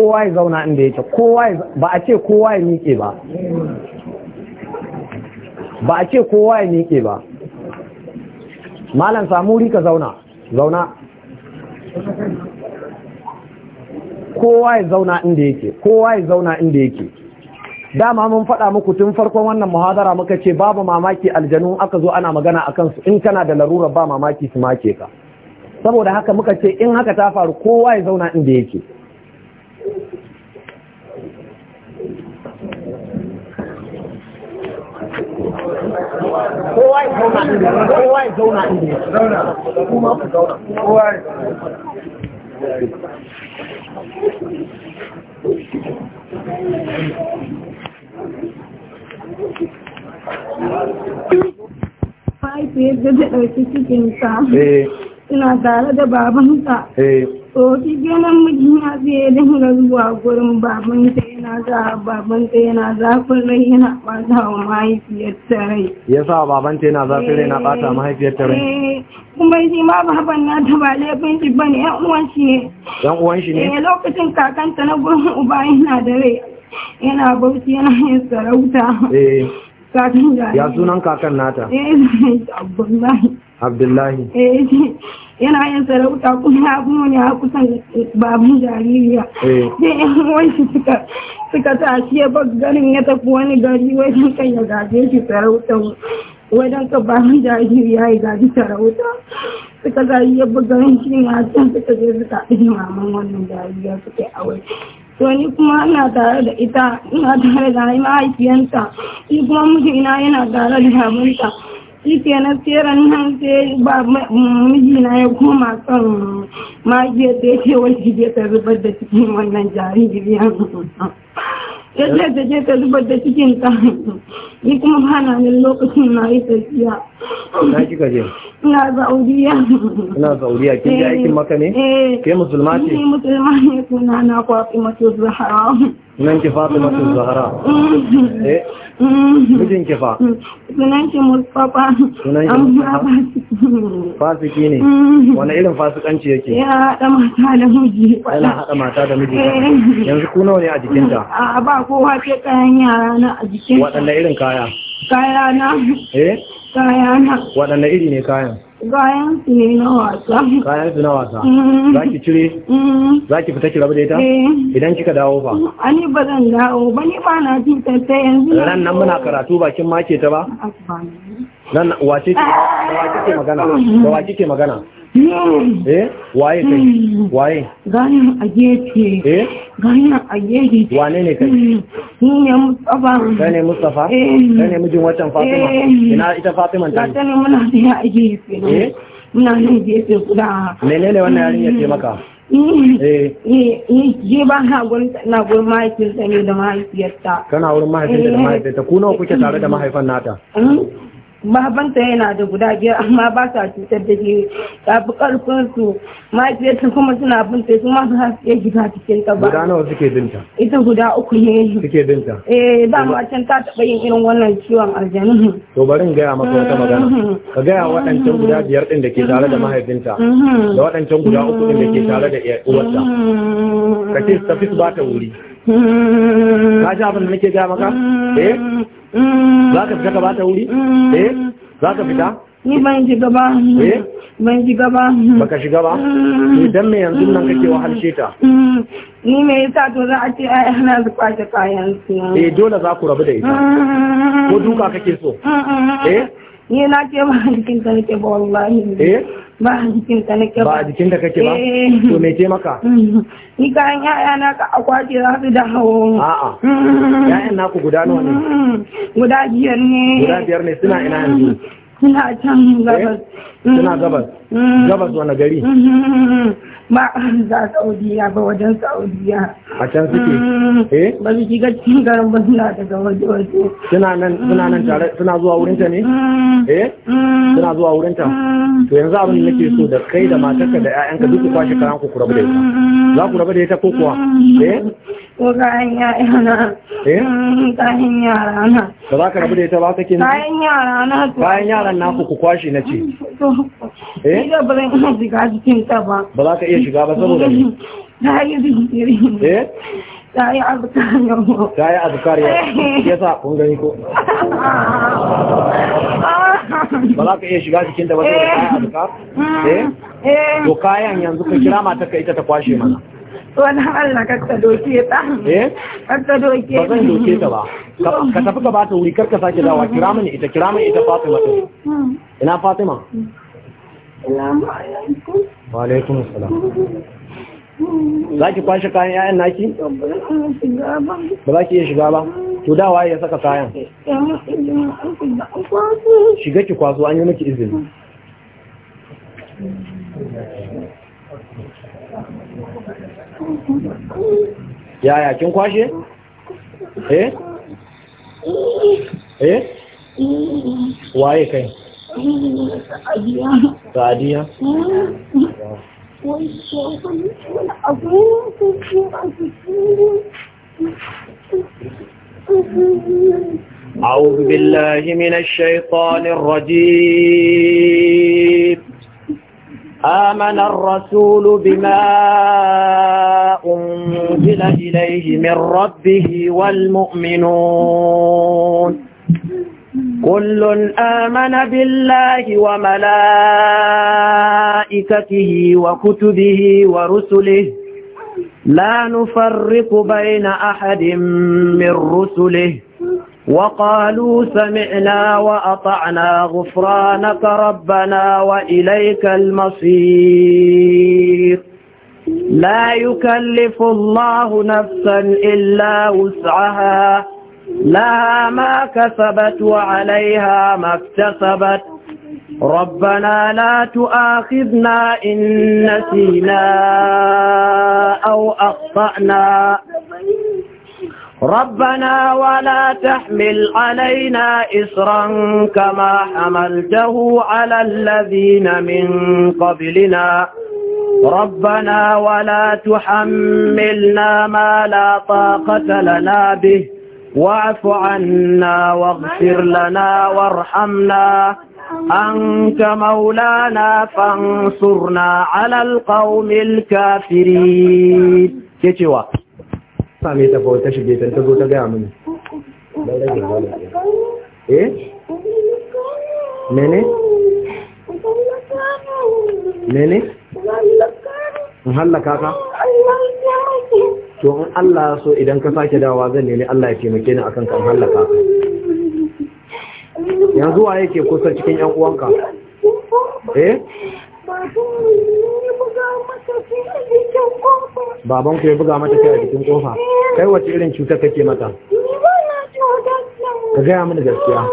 kowa ya zauna inda yake kowa ba a ce kowa ya miƙe ba ba a ce kowa ya miƙe ba malam samu rika zauna zauna kowa ya zauna inda yake kowa ya zauna inda yake dama mun faɗa muku tun farkon wannan muhadara muka ce babu mamaki aljanu aka zo ana magana akan su in kana da larurar ba mamaki su make ka saboda haka muka ce in haka ta faru kowa ya zauna inda yake kowa ya zauna inda kowa ya zauna inda zauna kuma ku zauna kowa ya da ta ɗauki tsohon namijin ya zai dinga zuwa gurin babanta yana za babanta yana zafin rai yana ɓata wa mahaifiyarta rai ya sa babanta yana zafin rai yana ɓata mahaifiyarta rai eh, kuma shi ma baban na ta ba laifin shi bane yan uwan shi ne yan uwan shi ne eh, lokacin kakanta na gurin uba yana da rai yana bauchi yana yin sarauta eh. ya sunan kakan nata eh abdullahi abdullahi eh, yana yin sarauta kuma ya kuma ne a kusan babu jaririya eh. sai yan wanshi suka suka tashi ya ba ganin ya tafi wani gari wajen kan ya gaje shi sarauta wajen ka babu jaririya ya gaji sarauta suka gaji ya ba ganin shi ne a can suka je suka ɗin maman wannan jaririya suke a wani to ni kuma ina tare da ita ina tare da mahaifiyanta ni kuma mijina yana tare da babanta shi na tseren nan sai ba na ya koma son magiyar da ya ce da ta zubar da cikin wannan jaririyan ya ce ta je ta zubar da cikin ta ni kuma hana ne lokacin na yi tafiya na kika je ina saudiya ina saudiya kin je aikin maka ne eh. ke musulma ce ni musulma ne suna na kwafi masu zahara nan ki fatima zahara mm. eh mijin ki fa mm. sunan shi mustafa sunan shi mustafa fasiki ne mm. wani irin fasikanci yake ya haɗa mata da miji yana haɗa mata da miji eh. yanzu ku nawa ne a jikinta mm. a ba kowa ce kayan yara na a jikinta waɗanne irin kaya kaya na eh kaya na waɗanne iri ne kayan kayan su ne na wasa kayan su na wasa mm. za ki cire mm. za ki fita ki rabu da ita eh. idan kika dawo fa ani ba zan dawo ba ni ba na ji ta yanzu ran nan muna karatu bakin ke ta ba nan wace ce wace ke magana wace ke magana Hmm. eh waye kai hmm. waye ganin a gefe eh ganin a gefe wane ne kai hmm. ni ne mustafa kai ne mustafa eh. ne mijin watan eh. fatima ina ita fatima ta ne muna da a gefe eh muna nan gefe guda menene wannan yarinya ce maka eh. Je ba na gurin mahaifinta ne da mahaifiyarta. Kana wurin mahaifinta da mahaifiyarta, ku nawa kuke tare da mahaifan nata? mahabanta yana da guda biyar amma ba sa cutar da ke tafi karfin su mahaifiyarta kuma suna binta su ma su su ya gida cikin ta ba guda nawa suke binta ita guda uku ne suke binta eh ba ma can ta taɓa yin irin wannan ciwon aljanu to bari in gaya maka wata magana mm-hmm. ka gaya waɗancan guda biyar ɗin da ke tare da mm-hmm. mahaifinta mm-hmm. da waɗancan guda uku ɗin da ke tare da uwarta ka ce su ba ta wuri ka ji abin da nake gaya maka eh za ka fita ka bata wuri eh za ka fita ni ban shiga ba eh ban shiga ba baka shiga ba idan me yanzu nan kake wahalshe ta ni me yasa to za a ce ai ana su kwace kayan su eh dole za ku rabu da ita ko duka kake so eh ni na ce ba jikin ka nake ba wallahi eh ba a jikin ka nake ba a jikin da kake ba eh. to me ce maka mm. ni kayan yaya na ka akwati za su da hawo a'a yayan mm. naku guda nawa ne mm. guda biyar ne guda biyar ne suna ina yanzu suna can gabas eh? suna gabas gabas wani gari ma za saudiya ba wajen saudiya a can suke mm. eh ba su shiga cikin garin ba suna daga waje waje suna nan suna nan tare mm. suna zuwa wurin ta ne mm. eh suna zuwa wurin ta to yanzu abin da nake so da kai da matarka da ƴaƴanka duk ku kwashe karan ku rabu da ita za ku rabu da ita ko kuwa eh ko kayan yara eh kayan yara na ba za ka rabu da ita ba kake ne kayan yara na kayan yaran naku ku kwashe na ce eh ba zan iya shiga cikin ta ba ba za ka iya shiga ba saboda ne ta yi zikiri eh ta yi azkar yau ta yi azkar ya sa kun gani ko ba za ka iya shiga cikin da ba saboda ta yi azkar eh, eh. to kayan yanzu ka kira mata ka ita ta kwashe mana Wani Allah ka ta doke ta eh ka doke ba zan doke ta ba ka tafi ka ba ta wuri kar ka sake dawa kira mini ita kira mini ita Fatima hmm. ina Fatima hmm. Salamu alaikum. Wa alaikum salam. Hmm. Za ki kwashe kayan ‘ya'yan naki? Ba za ki iya shiga ba. To da waye ya saka kayan? Shiga ki kwaso an yi miki izini. Yaya kin kwashe? Eh? Eh? Hmm. Waye kai? سعدية أعوذ بالله من الشيطان الرجيم آمن الرسول بما أنزل إليه من ربه والمؤمنون كل آمن بالله وملائكته وكتبه ورسله لا نفرق بين أحد من رسله وقالوا سمعنا وأطعنا غفرانك ربنا وإليك المصير لا يكلف الله نفسا إلا وسعها لها ما كسبت وعليها ما اكتسبت ربنا لا تؤاخذنا إن نسينا أو أخطأنا ربنا ولا تحمل علينا إسرا كما حملته على الذين من قبلنا ربنا ولا تحملنا ما لا طاقة لنا به واعف عنا واغفر لنا وارحمنا أنت مولانا فانصرنا على القوم الكافرين كيتوا سامي تفو تشجي تنتظر تقع مني ايه مني مني مهلا كاكا to in Allah so idan ka sake dawa zan nemi Allah ya taimake ni akan kan hallaka yanzu wa yake kusa cikin yan uwanka eh baban ku ya buga mata kai a cikin kofa kai wace irin cutar kake mata ka gaya mini gaskiya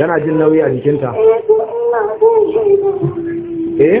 tana jin nauyi a jikinta eh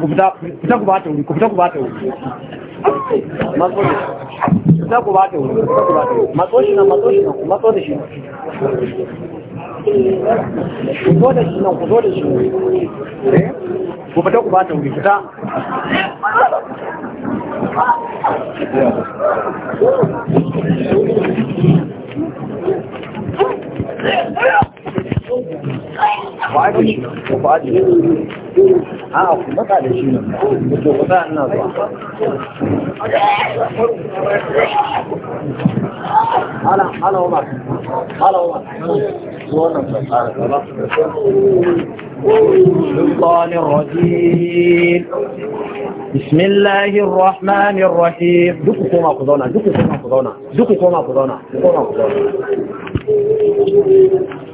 ku fita ku bata wuri ku ku bata wuri matso da shi ku bata wuri fita ku bata wuri matso shi nan matso shi nan ku ku zo da shi nan ku zo da shi ku fita ku bata wuri fita Why would you? Why do you? a'a ku matsa da shi ne ku ku sa ina zuwa هلا ala umar الرجيم بسم الله الرحمن الرحيم دوكو كوما قضونا دوكو كوما قضونا دوكو كوما قضونا كوما قضونا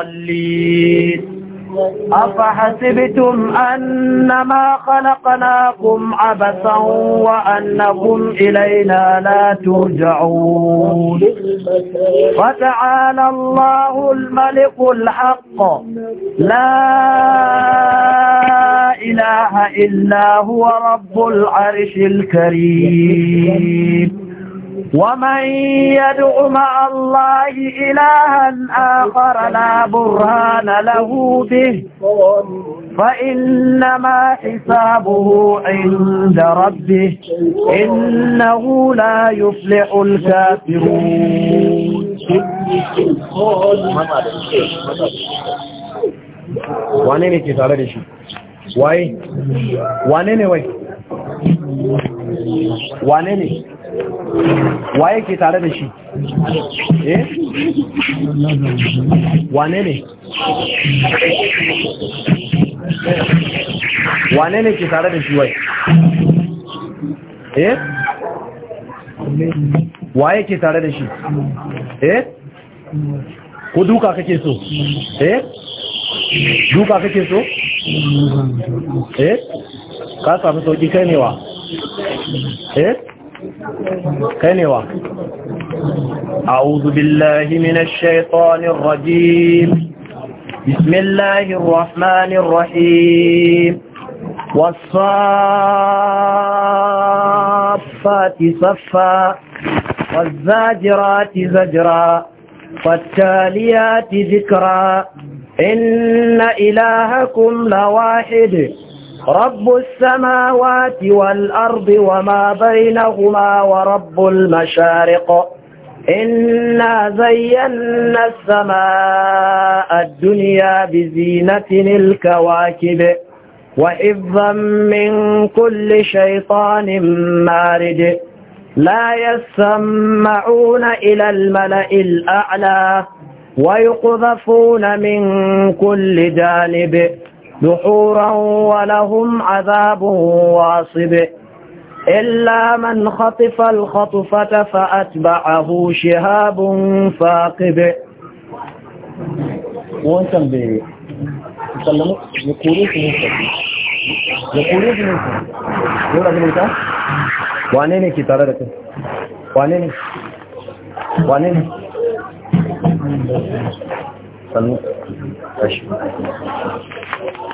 الضالين أفحسبتم أنما خلقناكم عبثا وأنكم إلينا لا ترجعون فتعالى الله الملك الحق لا إله إلا هو رب العرش الكريم ومن يدع مع الله إلها آخر لا برهان له به فإنما حسابه عند ربه إنه لا يفلح الكافرون wane ne ke tare da wa yake tare da shi eh wane ne wane ne ke tare da shi wai eh wa yake tare da shi eh ko duka kake so eh duka kake so eh ka samu sauki kai ne wa eh كنوا أعوذ بالله من الشيطان الرجيم بسم الله الرحمن الرحيم والصافات صفا والزاجرات زجرا والتاليات ذكرا إن إلهكم لواحد رب السماوات والأرض وما بينهما ورب المشارق إنا زينا السماء الدنيا بزينة الكواكب وحفظا من كل شيطان مارد لا يسمعون إلى الملأ الأعلى ويقذفون من كل جانب دحورا ولهم عذاب واصب إلا من خطف الخطفة فأتبعه شهاب فاقب وانتم بي يسلموا يقولوا في يقولوا في يقولوا في نفسك wane ne ke tare da kai wane ne wane ne sannu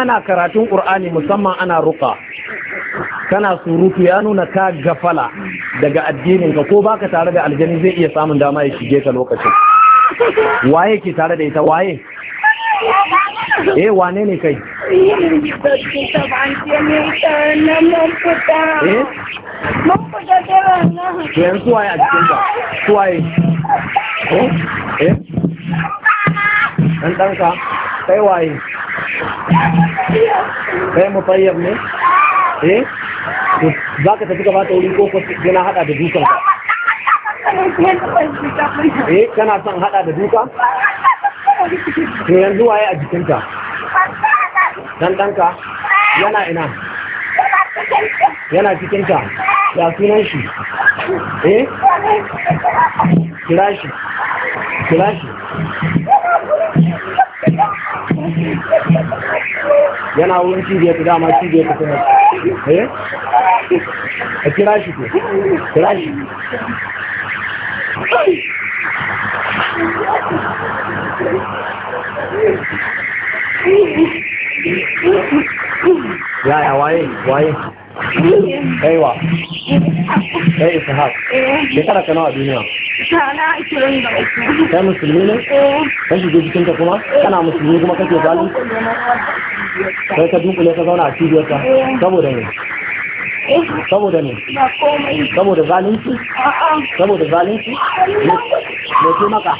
ana karatun ƙur'ani musamman ana ruka kana surutu ya nuna ka gafala daga addininka ko baka tare da aljani zai iya samun dama ya shige ka lokacin waye ke tare da ita waye eh wane ne kai eh? to yanzu waye a cikin ka suwaye eh eh ɗan ɗanka kai waye kai tayyib ne eh za ka tafi gaba ta wuri ko yana hada da dukan ka eh kana son hada da duka to yanzu waye a jikinka dan danka yana ina yana cikinka ya sunan shi eh kira shi kira shi yana wurin cibiyar ku dama cibiyar ku kuma eh a kira shi ku kira shi ya ya waye waye kaiwa kai ishaq shekara kana a duniya shana 23 kai musulmi ne eh. kai shige cikin ta kuma kana musulmi kuma kake zalim sai ka dunkule ka zauna a cibiyar ta eh. saboda ne eh. saboda ne saboda zalunci saboda zalunci ne ce maka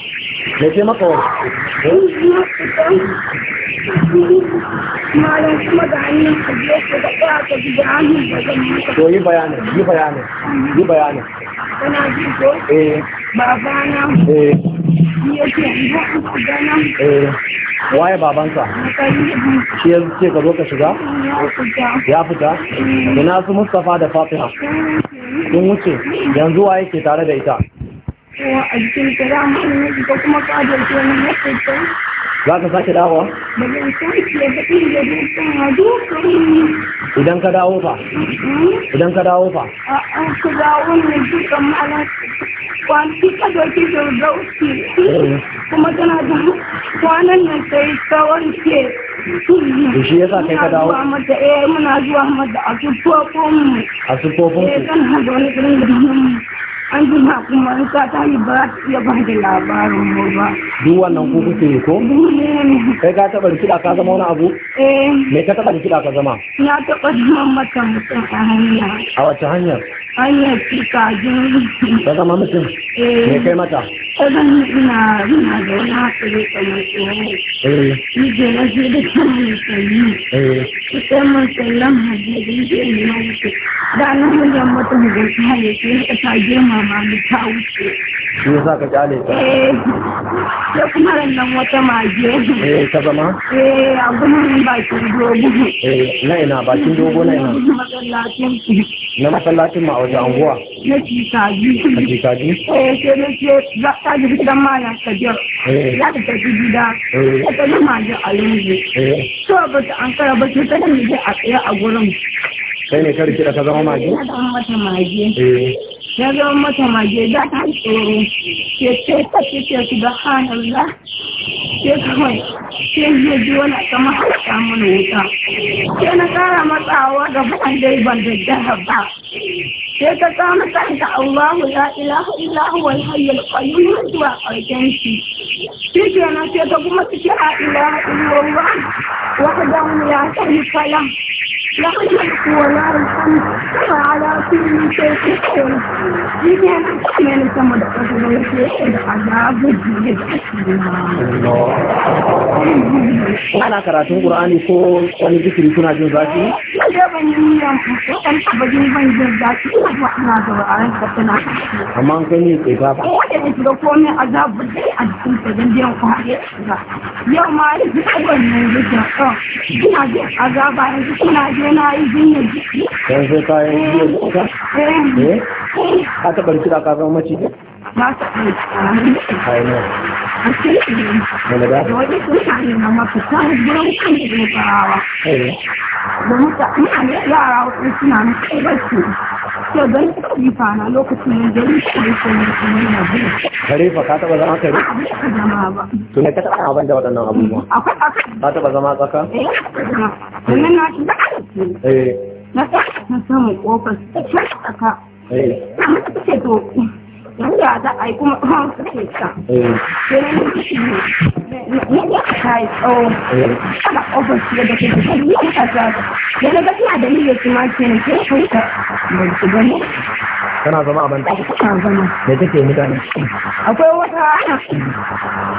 ne ce maka wani to yi bayanin yi bayanin yi bayanin eh babana eh yake eh waye babansa? shi ya ce ka zo ka shiga ya fita ina su Mustapha da Fatiha sun wuce yanzu waye ke tare da ita cewa a jikin ka za mu ne ko kuma ka da ke wani yake ta za ka sake dawowa da ban san ki da kake da dukkan hadu idan ka dawo fa hmm? idan ka dawo fa a ka dawo ne dukkan malan kwanci ka dauki da dauki eh. kuma tana da kwanan nan sai ta wanke to shi yasa kai ka dawo muna zuwa mata eh, a sufofin mu a sufofin ku eh, an jima kuma in ka tashi ba za ta iya ba da labarin mu ba. Duk wannan ku kuke yi ko? Kai ka taɓa rikida ka zama wani abu? Eh. Me ka taɓa rikida ka zama? Na taɓa zama mata mutum a hanya. A wace hanyar? Allah ki kajin. Ka zama mutum? Me kai mata? Ƙadan ina ina da wani hakuri kamar tsoho. Ni je na je da kan musulmi. Ki kai musulman hajjaji je ne na wuce. Da na hanyar mata ne ka ta je ma mu ta wuce. Shi yasa ka kyale ta? Eh. Da kuma rannan wata mage. Eh ta zama? Eh a gudun bakin dogo. Eh na ina bakin dogo na ina. Na masallacin ma wata anguwa na kikaji na sai ta kajiyar za ta tafi gida ta tafi a yanzu ba ba ta tafi a a gurin kai ne kar kira ka zama maji na zama mata maji na zama mata maji za ta tsoro ke ce ta ce ce su da hannun za sai kawai sai zai ji wani kama hausa mana wuta sai na kara matsawa ga ban dai ban da ba sai ka kama kanka Allahu la ilaha illa huwa al-hayyul qayyum zuwa ƙarshen shi shi kenan sai ka kuma ci la ilaha illallah wa qadamu ya kai salam يغلق ولا الحمد وعلى كل شيء قدير ana karatun Qur'ani ko wani zikiri kuna jin zafi? Da ban yi a Amma an kai ne kai ba ba. Wanda ya shiga komai azabu dai a jikin sa dan biyan kwaye Yau ma yanzu kawai ne Ina azaba yanzu ina jin yana sai kayan eh. eh? ka taɓa ka zama maciji ba ta ɗaya ne a cikin da da wani mutane na mafi samun yara suna kai to don na lokacin ya gari shi ne kuma ka taba zama kare ka taba abin da abubuwa mm, ka taba zama tsaka eh, na shi da eh na kofar tsaka eh to inda za a yi kuma kuma suke sa eh. shi ne ta tsawo eh. ofis da kuma ta suna da ma ne ke shuka da kana zama a banta da take mutane akwai wata ana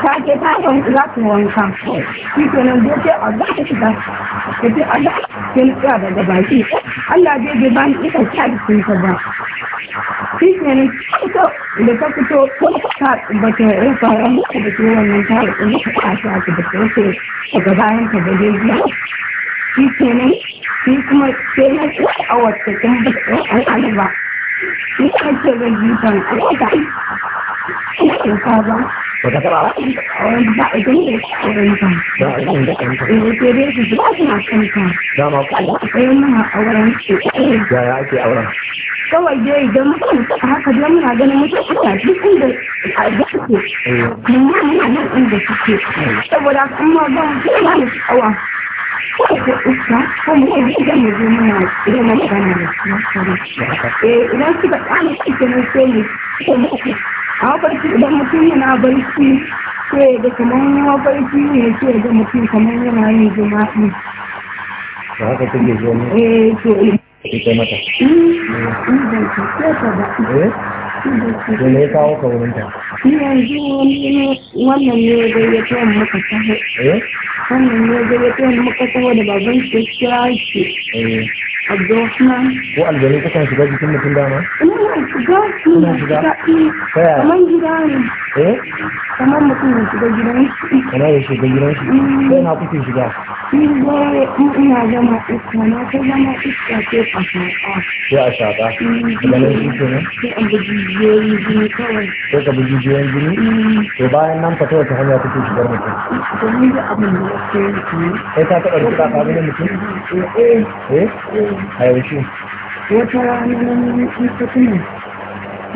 ta ke ta za su wanka shi ke nan zai ce a za ta shiga ya ce a za ta ke nutsuwa daga baki Allah zai bai bani ita ta da sun ba shi ne ita da ta fito ta ba ta rasa da ke wannan ta kuma ta kashe a ta ta daga bayan ta da dai shi ne shi kuma sai na a wata kan ba ta ba Ni ake zan yi ban kuɗa. Ina Ba a gani da shi ɗan ba. su ma muna auren Kawai idan mutum haka muna ganin mutum kuɗa duk inda a ga suke. Amma nan inda Saboda kuma ba ba mu idan kika tsara shi kenan sai ne a barci idan mutum yana barci sai da kamar mafarki ne sai da mutum kamar yana yin jima'i da haka take zo ne eh to eh. ita mata eh to ne kawo ka wurin ta yanzu wannan ne gayyato mu muka taho eh? wannan ne mu taho da baban shi kira shi eh. ko aljanu kusan shiga jikin mutum dama? suna shiga ta yaya? kamar gida ne eh? kamar mutum ya shiga gidan shi kamar ya shiga gidan shi sai mm. na kuke shiga? ina zama iska na ta zama iska ke a shaƙa sai a shaƙa mm. ganin shi ke nan? sai a bujijiyoyin jini kawai sai ka bujijiyoyin jini? Mm. to bayan nan fata wata hanya kuke shigar mutum? domin yanzu abin da ya ce ne sai ta taɓa rikita ka gani mutum? eh, eh a yaushe wata wani ita kuma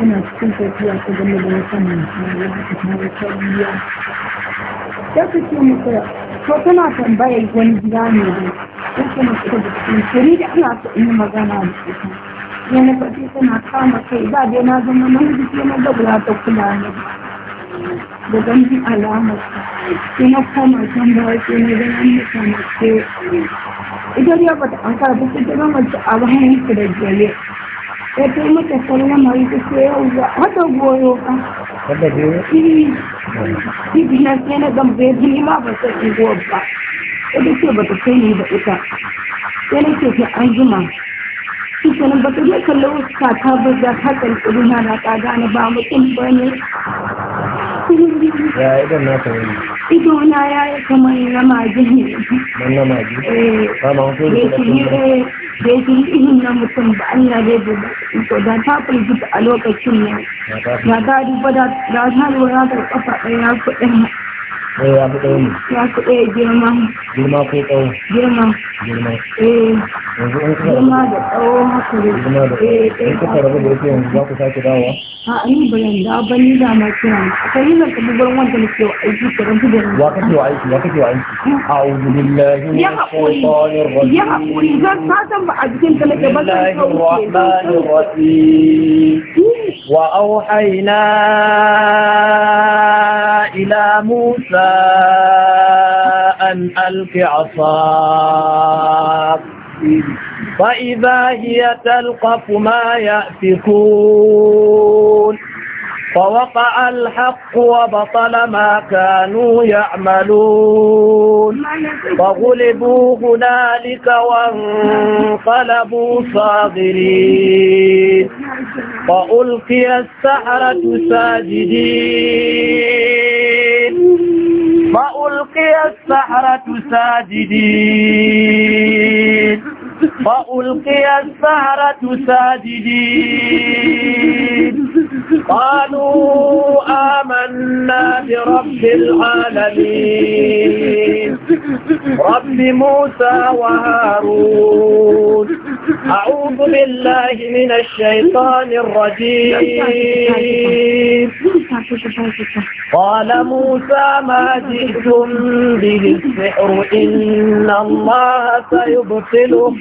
ina cikin tafiya ta game da wata mantuwa da ta mara tarbiyya ya fi ce to tana tambayar wani gida ne ya ce muka da cikin shiri da ana so in yi magana da ita ya na faɗi tana kama kai ba dai na zama namiji sai na gabla ta kula ne da ganin alamar sai na koma can baya na ganin mutane Italia akaratasitegama abahanyi kirejeye leta y'umutekano mayiteseyo hatagoyoka ibi nasendaga mubihe by'imibabasa igobwa ebyo kiba batateyinda ita yerekeza anjuma shi ba ta zai kalli wuska ta buga ta kalkulu na na tsada na ba mutum ba ne ya ta wani ido na ya yi kamar na magi ne man na magi eh, ba ma da ya yi da ya yi ihin na mutum ba Allah zai buga to da ta firgita a lokacin ne ya ta duba da ta lura da kafa ɗaya kuɗin ɗaya eh, ya fi ɗaya ne ya fi ɗaya girma girma ko girma girma eh yanzu in kuka da haka girma da eh, in kuka rabu da yanzu za ku sake a ni ba yan da ni da ma kira a nan kuma wanda wa aiki ka ran wa wa aiki wa wa aiki a'udhu billahi rajim ya zan ba a jikin ka nake ba zan eh. wa ila musa أن ألق عصاك فإذا هي تلقف ما يأفكون فوقع الحق وبطل ما كانوا يعملون فغلبوا هنالك وانقلبوا صاغرين فألقي السحرة ساجدين فألقي السحرة ساجدين فألقي السحرة ساجدين قالوا آمنا برب العالمين رب موسى وهارون أعوذ بالله من الشيطان الرجيم قال موسى ما جئت عليكم به السحر إن الله سيبطله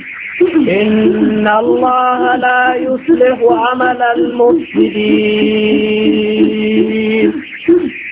إن الله لا يصلح عمل المفسدين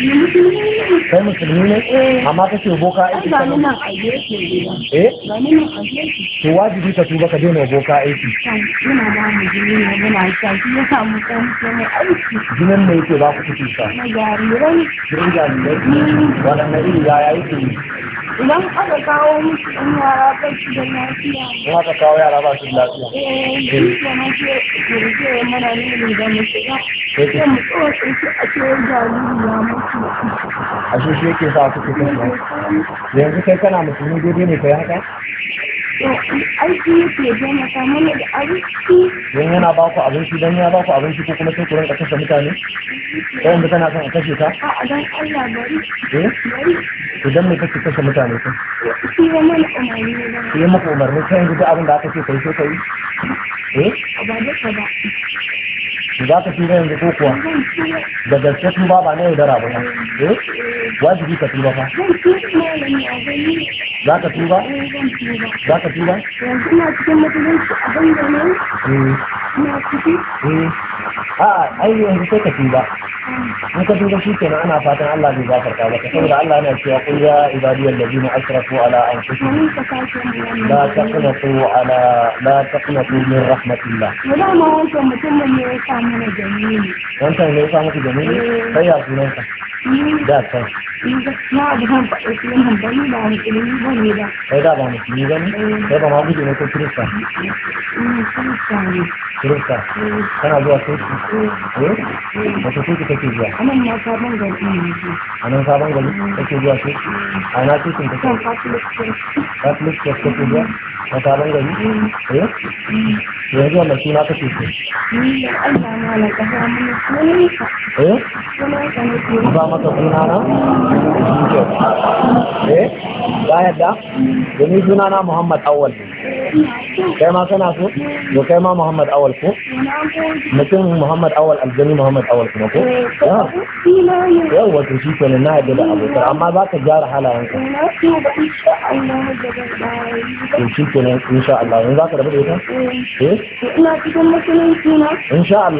kai musulmi ne amma ce boka aiki kana nan eh to wajibi ka tuba ka daina boka aiki ina da mu jini ne muna ta shi ya samu kan sai aiki jinin ne yake ba ku kuke sha jarirai jinin jarirai wannan iri ya yi yake idan aka kawo musu ɗan yara ba su da lafiya. Idan aka kawo yara ba su da lafiya. Eh, shi ke nan ke kirje mana ne da mu shiga. Sai mu tsohon a ce jariri ya mutu. a shi shi yake sa suke kashe yanzu kai kana musulmi daidai ne kai haka aiki yake da don yana ba ku abinci don ya ba ku abinci ko kuma sai ku kashe mutane kai yanzu kana son a kashe ta, a mai Allah eh? kashe mutane ka maka umarni kai yanzu duk abin da aka ce kai sai kai za ka tuba yanzu ko kuwa da gaske tuba ba na yaudara ba eh wajibi ka tuba fa za ka tuba za ka tuba ina cikin mutunci abin da ne ina ciki a ai yanzu sai ka tuba in ka duba shi kenan ana fatan Allah zai gafarta maka saboda Allah yana cewa qul ya ibadi alladhina asrafu ala anfusihim la taqnatu ala la taqnatu min rahmatillah wala ma wancan mutumin ne ya samu mana jamili ne ya sa maka jamili eh. kai ya sunanka da kan na abu kan faɗa ni ba wani ilimi ba ne ba kai da ba eh. ba ma gudu ne ko kirista kirista ne kirista eh. kana zuwa kirista eh wata kirista kake zuwa a nan ma sabon gari ne a nan sabon gari kake zuwa kirista a na kirista kake zuwa katolik kirista zuwa a sabon gari eh mm. yanzu wannan suna kake so محمد اول كما كان اسمه وكما محمد اول فو مثل محمد اول الجني محمد اول فو يا هو تشي كان نائب ابو بكر اما ذاك جار حالا ان شاء الله تشي كان ان شاء الله ان ذاك ربي ايه ان شاء الله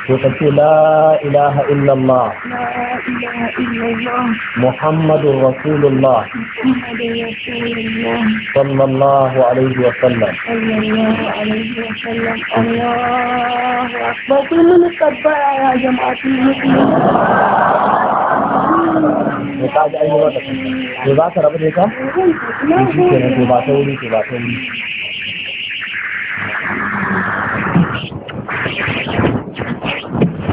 وتقول لا إله إلا الله لا إله إلا الله محمد رسول الله محمد رسول الله صلى الله عليه وسلم صلى الله عليه وسلم الله أكبر كل من اتبع يا جماعة المسلمين وقاعد أي وقت وقاعد ربنا كم؟ وقاعد ربنا كم؟ وقاعد ربنا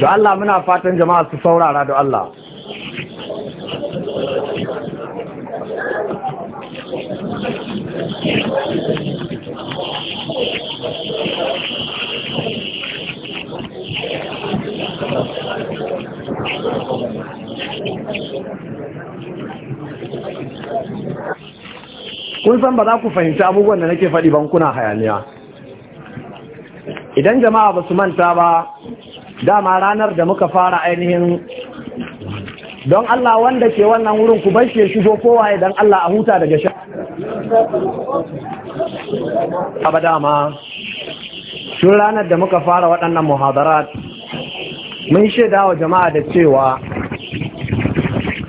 da Allah muna fatan jama'a su saurara da Allah kun san ba za ku fahimci abubuwan da nake faɗi ban kuna hayaniya idan jama'a ba su manta ba dama ranar da muka fara ainihin don Allah wanda ke wannan wurin ku bai shi shigo kowa ya Allah a huta daga sha abada dama sun ranar da muka fara waɗannan muhadarat mun shaida wa jama'a da cewa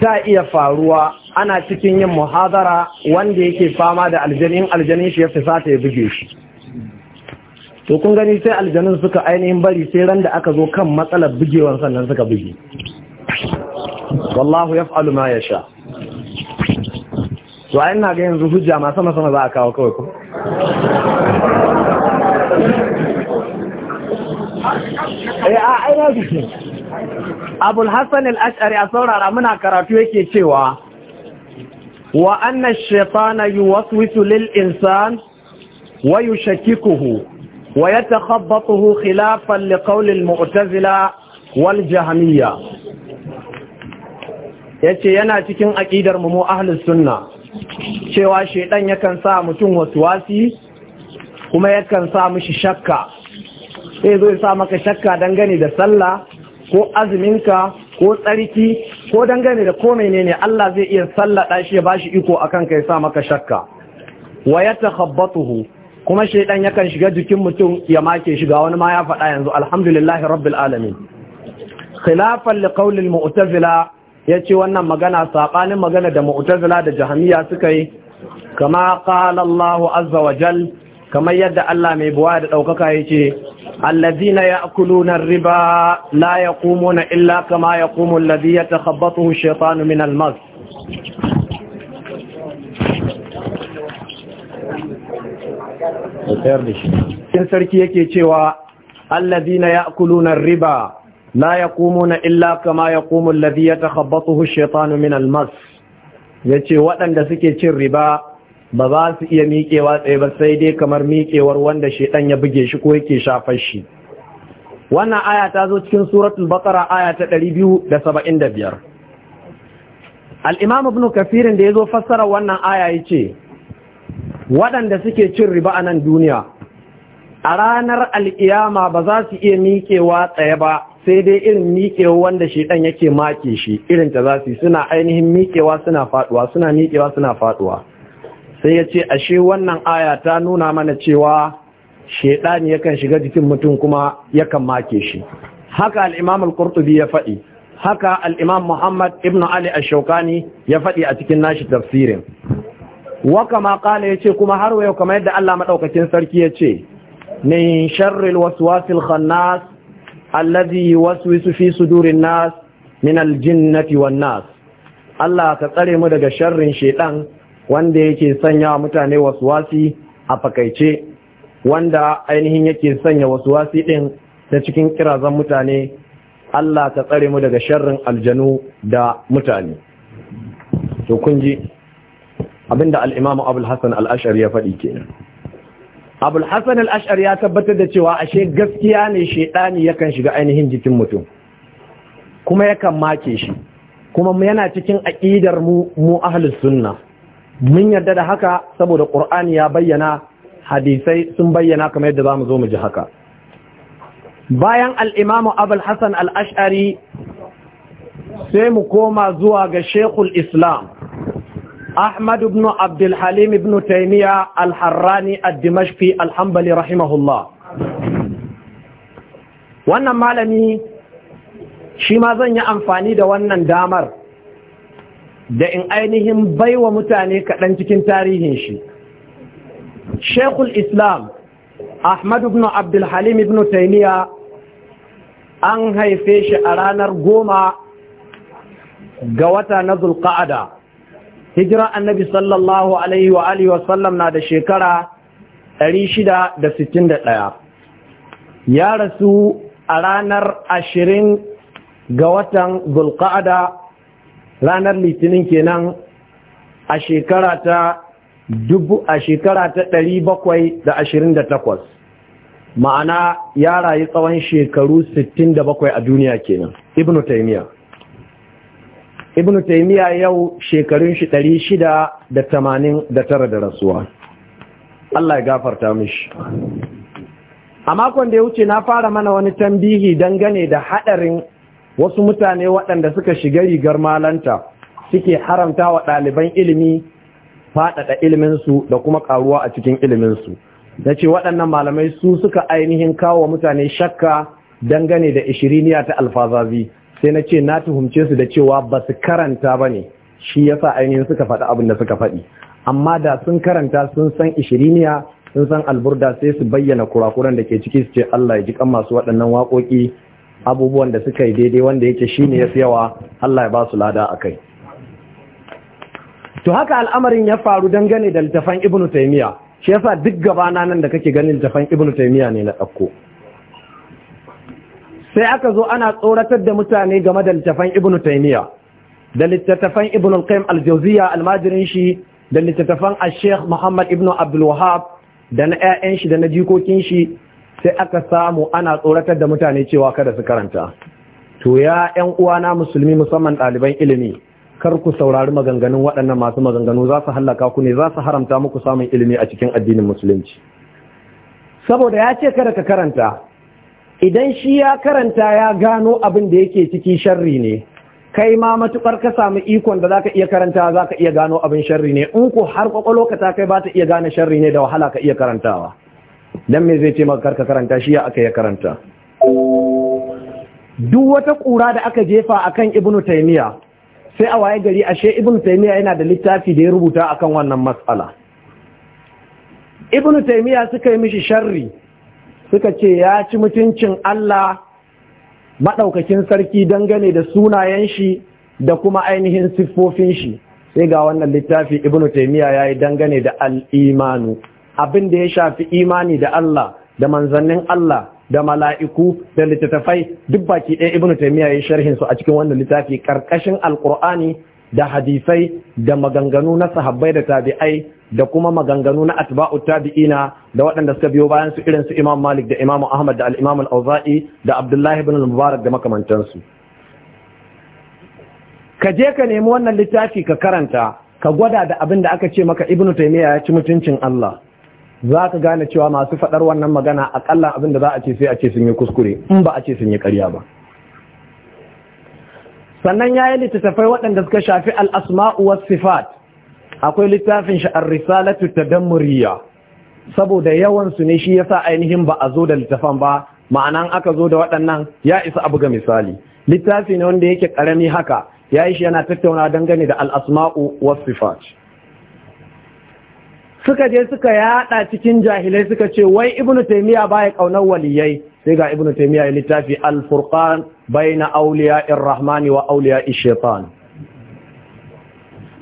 ta iya faruwa ana cikin yin muhadara wanda yake fama da aljanin aljanin shi ya fi sata ya buge shi to kun gani sai aljanun suka ainihin bari sai ran da aka zo kan matsalar bugewar sannan suka bugi. wallahu yaf'alu ma yasha to ai ina ga yanzu hujja ma sama sama za a kawo kawai ko eh a ai na ji Abul Hassan al-Ash'ari a saurara muna karatu yake cewa wa anna ash-shaytana yuwaswisu lil insan wa yushakkikuhu ويتخبطه خلافا لقول المعتزلة والجهمية yace yana cikin aƙidar mu mu ahlus sunna cewa shedan yakan sa mutum waswasi kuma yakan sa mishi shakka sai zo sa maka shakka dangane da sallah ko azuminka ko tsarki ko dangane da komai ne ne Allah zai iya sallada shi ya bashi iko akan kai sa maka shakka wa kuma shaidan yakan shiga jikin mutum ya make shiga wani ma ya faɗa yanzu alhamdulillahi rabbil alamin khilafan liqaulil mu'tazila yace wannan magana sabanin magana da mu'tazila da jahmiya suka yi kama qala Allahu azza wa jal kamar yadda Allah mai buwa da daukaka yace allazina ya'kuluna ar-riba la yaqumuna illa kama yaqumu alladhi yatakhabbathu ash-shaytanu min al-mas tsayar da shi cikin sarki yake cewa allazina ya'kuluna riba la yaqumuna illa kama yaqumu alladhi yatakhabbathu ash-shaytanu min al-mas yace waɗanda suke cin riba ba za su iya miƙewa tsaye ba sai dai kamar miƙewar wanda shaidan ya buge shi ko yake shafar shi wannan aya ta zo cikin suratul baqara aya ta 275 al-imam ibn kafirin da yazo fassara wannan aya yace waɗanda suke cin riba a nan duniya a ranar al'iyama ba za su iya miƙewa tsaye ba sai dai irin miƙewa wanda shaidan yake make shi irin ta za su suna ainihin miƙewa suna faɗuwa suna miƙewa suna faɗuwa sai ya ce ashe wannan aya ta nuna mana cewa shaidan yakan shiga jikin mutum kuma yakan make shi haka al'imam al kurtubi ya faɗi haka al'imam muhammad ibn ali ash-shawkani ya faɗi a cikin nashi tafsirin ma kala ya ce kuma har wayo kamar yadda Allah maɗaukacin sarki ya ce, min sharril waswasil khannas alladhi yuwaswisu fi sudurin nas min aljinnati wan nas Allah ka tsare mu daga sharrin shedan wanda yake sanya mutane waswasi a fakaice wanda ainihin yake sanya waswasi ɗin ta cikin kirazan mutane Allah ka tsare mu daga sharrin aljanu da mutane to kun abinda al'imamu abul hassan al'ashar ya faɗi kenan abul hassan al'ashar ya tabbatar da cewa ashe gaskiya ne shaidani yakan shiga ainihin jikin mutum kuma yakan make shi kuma yana cikin aƙidar mu mu ahlus sunna mun yarda da haka saboda ƙur'ani ya bayyana hadisai sun bayyana kamar yadda zamu zo mu ji haka bayan al-imamu abul al-ash'ari sai mu koma zuwa ga shekul islam أحمد بن عبد الحليم بن تيمية الحراني الدمشقي الحنبلي رحمه الله wannan malami shi ma zan yi amfani da wannan damar da in ainihin baiwa mutane kaɗan cikin tarihin shi shekul islam ahmad ibn abdulhalim ibn taimiyya an haife shi a ranar goma ga wata na zulka'ada hijira annabi sallallahu alaihi wa alihi wasallam na da shekara 661 ya rasu a ranar 20 ga watan zulqa'ada ranar litinin kenan a shekara ta dubu a shekara ta 728 ma'ana ya rayu tsawon shekaru 67 a duniya kenan ibnu taymiyyah ibn taimiya yau shekarun shi ɗari shida da tamanin da tara da rasuwa Allah ya gafarta mishi a makon da ya wuce na fara mana wani tambihi dangane da haɗarin wasu mutane waɗanda suka shiga rigar malanta suke haramta wa ɗaliban ilimi faɗaɗa iliminsu da kuma ƙaruwa a cikin iliminsu na ce waɗannan malamai su suka ainihin kawo mutane shakka dangane da ishiriniya ta alfazazi sai na ce na tuhumce su da cewa ba su karanta ba ne shi ya sa ainihin suka faɗi abin da suka faɗi amma da sun karanta sun san ishiriniya sun san alburda sai su bayyana kurakuran da ke ciki su ce Allah ya ji kan masu waɗannan waƙoƙi abubuwan da suka yi daidai wanda yake ne ya fi yawa Allah ya ba su lada a kai to haka al'amarin ya faru dangane da littafan ibnu taymiya shi yasa duk gabana nan da kake ganin littafan ibnu taymiya ne na ɗauko sai aka zo ana tsoratar da mutane game da littafan ibnu Taimiyya da littattafan ibnu al-qayyim al almajirin shi da littattafan al-sheikh muhammad ibnu abdul wahab da na ƴaƴan shi da na jikokin shi sai aka samu ana tsoratar da mutane cewa kada su karanta to ya ƴan na musulmi musamman ɗaliban ilimi kar ku saurari maganganun waɗannan masu maganganu za su hallaka ku ne za su haramta muku samun ilimi a cikin addinin musulunci saboda ya ce kada ka karanta idan shi ya karanta ya gano abin da yake ciki sharri ne kai ma matukar ka samu ikon da zaka iya karanta zaka iya gano abin sharri ne in ku har kwakwalo ka ta kai ba ta iya gane sharri ne da wahala ka iya karantawa dan me zai ce maka karka karanta shi ya aka iya karanta duk wata kura da aka jefa akan ibnu taymiya sai a waye gari ashe ibnu taymiya yana da littafi da ya rubuta akan wannan matsala ibnu taymiya suka yi mishi sharri suka ce ya ci mutuncin Allah maɗaukakin sarki dangane da sunayen shi da kuma ainihin siffofin shi sai ga wannan littafi ibnu taimiyya ya yi dangane da al'imanu abin da ya shafi imani da Allah da manzannin Allah da mala'iku da littattafai duk baki ɗaya ibnu taimiyya ya yi sharhinsu a cikin wannan littafi ƙarƙashin alƙur'ani da hadisai da maganganu na sahabbai da tabi'ai da kuma maganganu na atba'u tabi'ina da waɗanda suka biyo bayan su irin su Imam Malik da Imam Ahmad da al-Imam al-Auza'i da Abdullahi ibn al-Mubarak da makamantansu ka je ka nemi wannan littafi ka karanta ka gwada da abin da aka ce maka Ibn Taymiyyah ya ci mutuncin Allah za ka gane cewa masu faɗar wannan magana akalla abin da za a ce sai a ce sun yi kuskure in ba a ce sun yi ƙarya ba sannan ya yi littattafai waɗanda suka shafi al'asma'u wa sifat akwai littafin sha’ar risalatu ta muriya saboda yawansu ne shi ya sa ainihin ba a zo da littafan ba ma'anan aka zo da waɗannan ya isa abu ga misali littafi ne wanda yake ƙarami haka ya yi shi yana tattauna dangane da al'asma'u wa sifat suka je suka yada cikin jahilai suka ce wai ibnu taimiya baya ƙaunar waliyai sai ga ibnu Taymiya ya littafi al-furqan baina auliya'ir rahmani wa auliya ishefan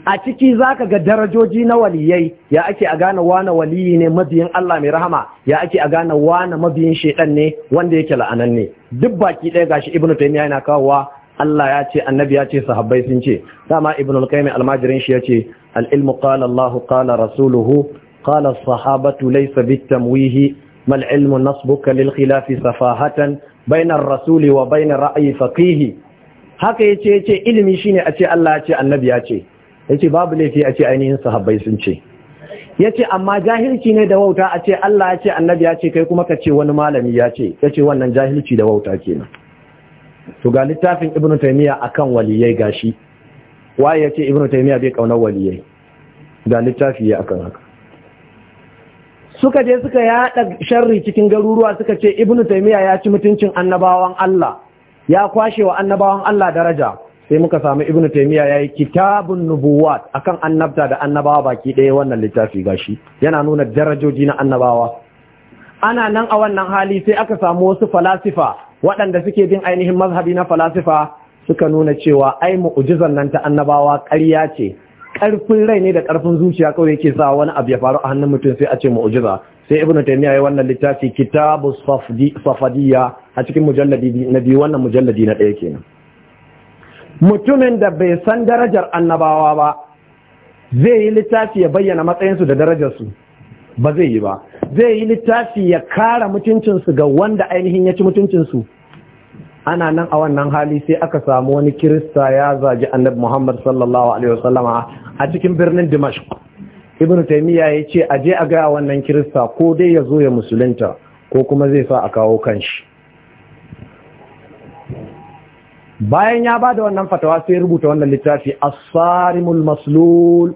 a ciki zaka ga darajoji na waliyai ya ake a gane wane waliyi ne mabiyin Allah mai rahama ya ake a gane wane mabiyin shaitan ne wanda yake la'ananne duk baki ɗaya gashi ibnu taymiya yana kawowa Allah ya ce annabi ya ce sahabbai sun ce dama ibn al-qayyim al-majirin shi yace al-ilmu qala Allah qala rasuluhu qala as-sahabatu laysa bit tamwihi mal ilmu nasbuka lil khilafi safahatan bainar rasuli wa bainar ra'ayi faqihi haka yace yace ilimi shine a ce Allah ya ce annabi ya ce yace babu laifi a ce ainihin sahabbai sun ce yace amma jahilci ne da wauta a ce Allah ya ce annabi ya ce kai kuma ka ce wani malami ya ce yace wannan jahilci da wauta kenan to ga littafin ibnu taymiya akan waliyai gashi waye yace ibnu taymiya bai kauna waliyai ga littafi akan haka suka je suka yada sharri cikin garuruwa suka ce ibnu taymiya ya ci mutuncin annabawan Allah ya kwashe wa annabawan Allah daraja sai muka samu ibnu taymiya yayi kitabun nubuwat akan annabta da annabawa baki ɗaya wannan littafi gashi yana nuna darajoji na annabawa ana nan a wannan hali sai aka samu wasu falasifa waɗanda suke bin ainihin mazhabi na falasifa suka nuna cewa ai mu'ujizan nan ta annabawa ƙarya ce ƙarfin rai ne da ƙarfin zuciya kawai yake sa wani abu ya faru a hannun mutum sai a ce mu'jiza sai ibnu taymiya yayi wannan littafi kitabu safadiyya a cikin mujalladi na biyu wannan mujalladi na ɗaya kenan mutumin da bai san darajar annabawa ba zai yi littafi ya bayyana matsayinsu da darajarsu ba zai yi ba zai yi littafi ya kara mutuncinsu ga wanda ainihin ya ci mutuncinsu ana nan a wannan hali sai aka samu wani kirista ya zagi annabi muhammad sallallahu alaihi wasallama a cikin birnin dimashq ibn Taimiyya ya ce a je a gaya wannan kirista ko dai ya zo ya musulunta ko kuma zai sa a kawo kanshi bayan ya ba da wannan fatawa sai rubuta wannan littafi as-sarimul maslul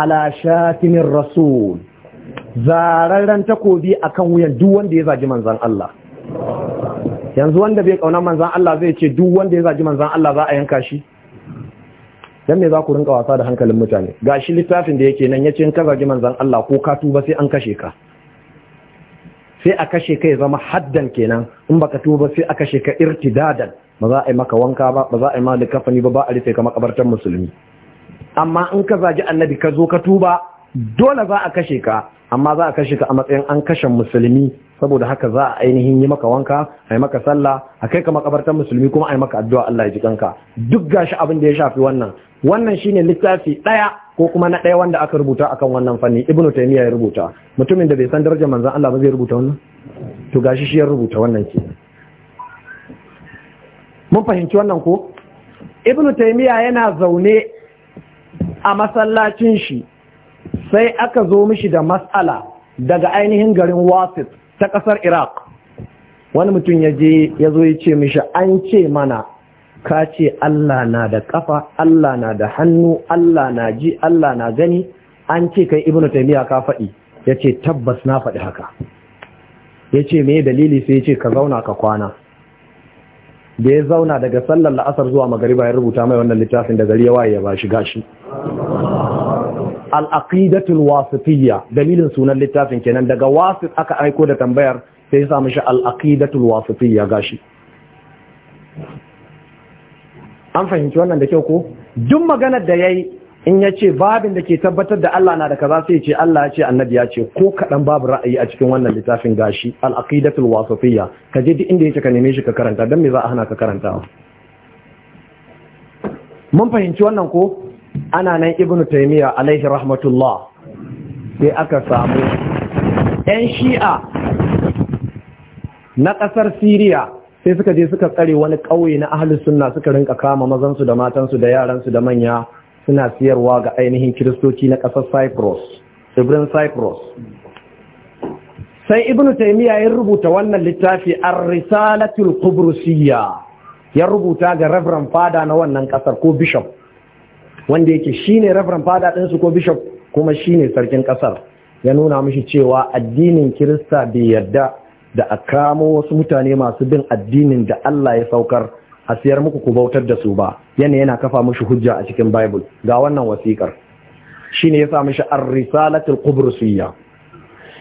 ala shatimin rasul zararren takobi akan wuyan duk wanda ya zaji manzan Allah yanzu wanda bai kauna manzan Allah zai ce duk wanda ya zagi manzan Allah za a yanka shi dan me za ku rinka wasa da hankalin mutane gashi littafin da yake nan yace in ka zagi manzon Allah ko ka tuba sai an kashe ka sai a kashe ka ya zama haddan kenan in baka tuba sai a kashe ka irtidadan ba za a yi maka wanka ba ba za a yi ma likafani ba ba a rufe ka makabartar musulmi amma in ka zagi annabi ka zo ka tuba dole za a kashe ka amma za a kashe ka a matsayin an kashe musulmi saboda haka za a ainihin yi maka wanka a yi maka sallah a kai ka makabartar musulmi kuma a yi maka addu'a Allah ya ji kanka duk gashi abin da ya shafi wannan wannan shine littafi ɗaya ko kuma na ɗaya wanda aka rubuta akan wannan fanni ibnu taymiya ya rubuta mutumin da bai san darajar manzon Allah ba zai rubuta wannan to gashi shi ya rubuta wannan ke mun fahimci wannan ko ibnu taymiya yana zaune a masallacin shi sai aka zo mishi da mas'ala daga ainihin garin wasit ta ƙasar iraq wani mutum ya je ya zo ya ce mishi an ce mana ka ce Allah na da kafa Allah na da hannu Allah na ji Allah na gani an ce kai ibnu taymiya ka faɗi ya ce tabbas na faɗi haka ya ce me dalili sai ya ce ka zauna ka kwana da ya zauna daga sallar la'asar zuwa magariba ya rubuta mai wannan littafin da gari ya waye ya ba shi gashi al-aqidatul wasitiyya dalilin sunan littafin kenan daga wasit aka aiko da tambayar sai ya samu shi al’aƙidatul wasitiyya gashi an fahimci wannan da kyau ko duk maganar da ya yi in ya ce babin da ke tabbatar da Allah na da kaza sai ce Allah ya ce annabi ya ce ko kaɗan babu ra'ayi a cikin wannan littafin gashi al-aqidatul wasafiyya ka je duk inda yake ka neme shi ka karanta dan me za a hana ka karantawa mun fahimci wannan ko ana nan ibnu taymiya alaihi rahmatullah sai aka samu yan shi'a na ƙasar siriya sai suka je suka tsare wani ƙauye na ahli sunna suka rinka kama mazansu da matansu da yaransu da manya suna siyarwa ga ainihin kiristoci na ƙasar cyprus tsibirin cyprus sai ibnu taymiya ya rubuta wannan littafi ar-risalatul qubrusiyya ya rubuta ga reverend fada na wannan ƙasar ko bishop wanda yake shine reverend fada ɗinsu ko bishop kuma shine sarkin ƙasar ya nuna mishi cewa addinin kirista bai yarda da a kamo wasu mutane masu bin addinin da Allah ya saukar a siyar muku ku bautar da su ba yana yana kafa mishi hujja a cikin bible ga wannan wasikar shine ya sa mishi ar-risalatul qubrusiyya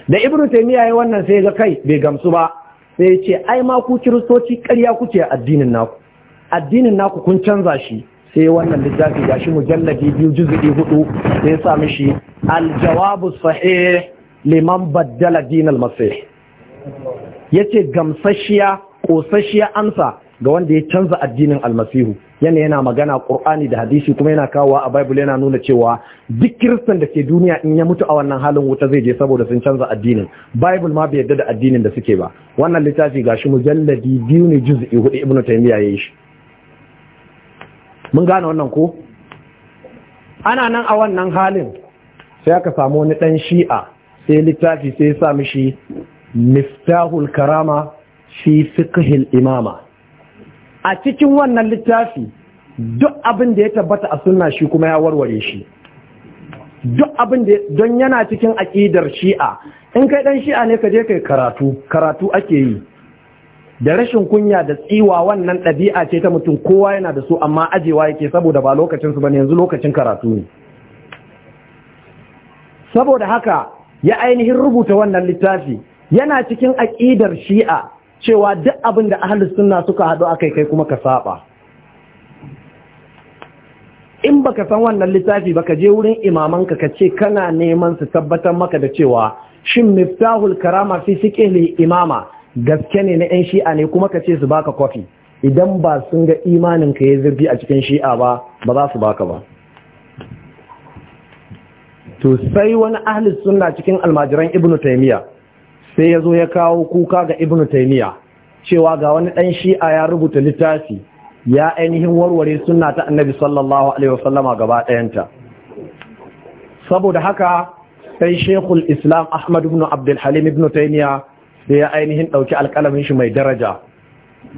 da ibnu taymiya ya wannan sai ga kai bai gamsu ba sai ya ce ai ma ku kiristoci ƙarya kuke addinin naku addinin naku kun canza shi sai wannan littafi ga shi mujalladi biyu juzu'i hudu sai ya sami mishi aljawabu sahih liman baddala dinal masih yace gamsashiya kosashiya ansa ga wanda ya canza addinin almasihu yana yana magana qur'ani da hadisi kuma yana kawo a bible yana nuna cewa duk kiristan da ke duniya in ya mutu a wannan halin wuta zai je saboda sun canza addinin bible ma bai yarda da addinin da suke ba wannan littafi gashi mujalladi biyu ne juz'i hudu ibnu taymiya yi shi mun gane wannan ko ana nan a wannan halin sai aka samu wani ɗan shi'a sai littafi sai sa mishi miftahul karama fi fiqhil imama a cikin wannan littafi duk abin da ya tabbata a sunna shi kuma ya warware shi duk abin da don yana cikin aƙidar shi'a in kai ɗan shi'a ne ka je kai karatu karatu ake yi da rashin kunya da tsiwa wannan ɗabi'a ce ta mutum kowa yana da su amma ajewa yake saboda ba lokacinsu ba ne yanzu lokacin karatu ne saboda haka ya ainihin rubuta wannan littafi yana cikin aƙidar shi'a cewa duk abin da ahalus sunna suka haɗu akai kai kuma ka saba in baka san wannan littafi baka je wurin imamanka ka ce kana neman su tabbatar maka da cewa shin miftahul karama fi fiqhil imama gaske ne na 'yan shi'a ne kuma ka ce su baka kwafi idan ba sun ga imanin ka ya zurfi a cikin shi'a ba ba za su baka ba to sai wani ahli suna cikin almajiran ibnu taimiyya sai ya zo ya kawo kuka ga ibnu taimiyya cewa ga wani dan shi'a ya rubuta littafi ya ainihin warware suna ta annabi sallallahu alaihi wasallama gaba ɗayanta saboda haka sai shekul islam ahmad ibn abdul halim ibn taimiyya sai ya ainihin ɗauki alƙalamin shi mai daraja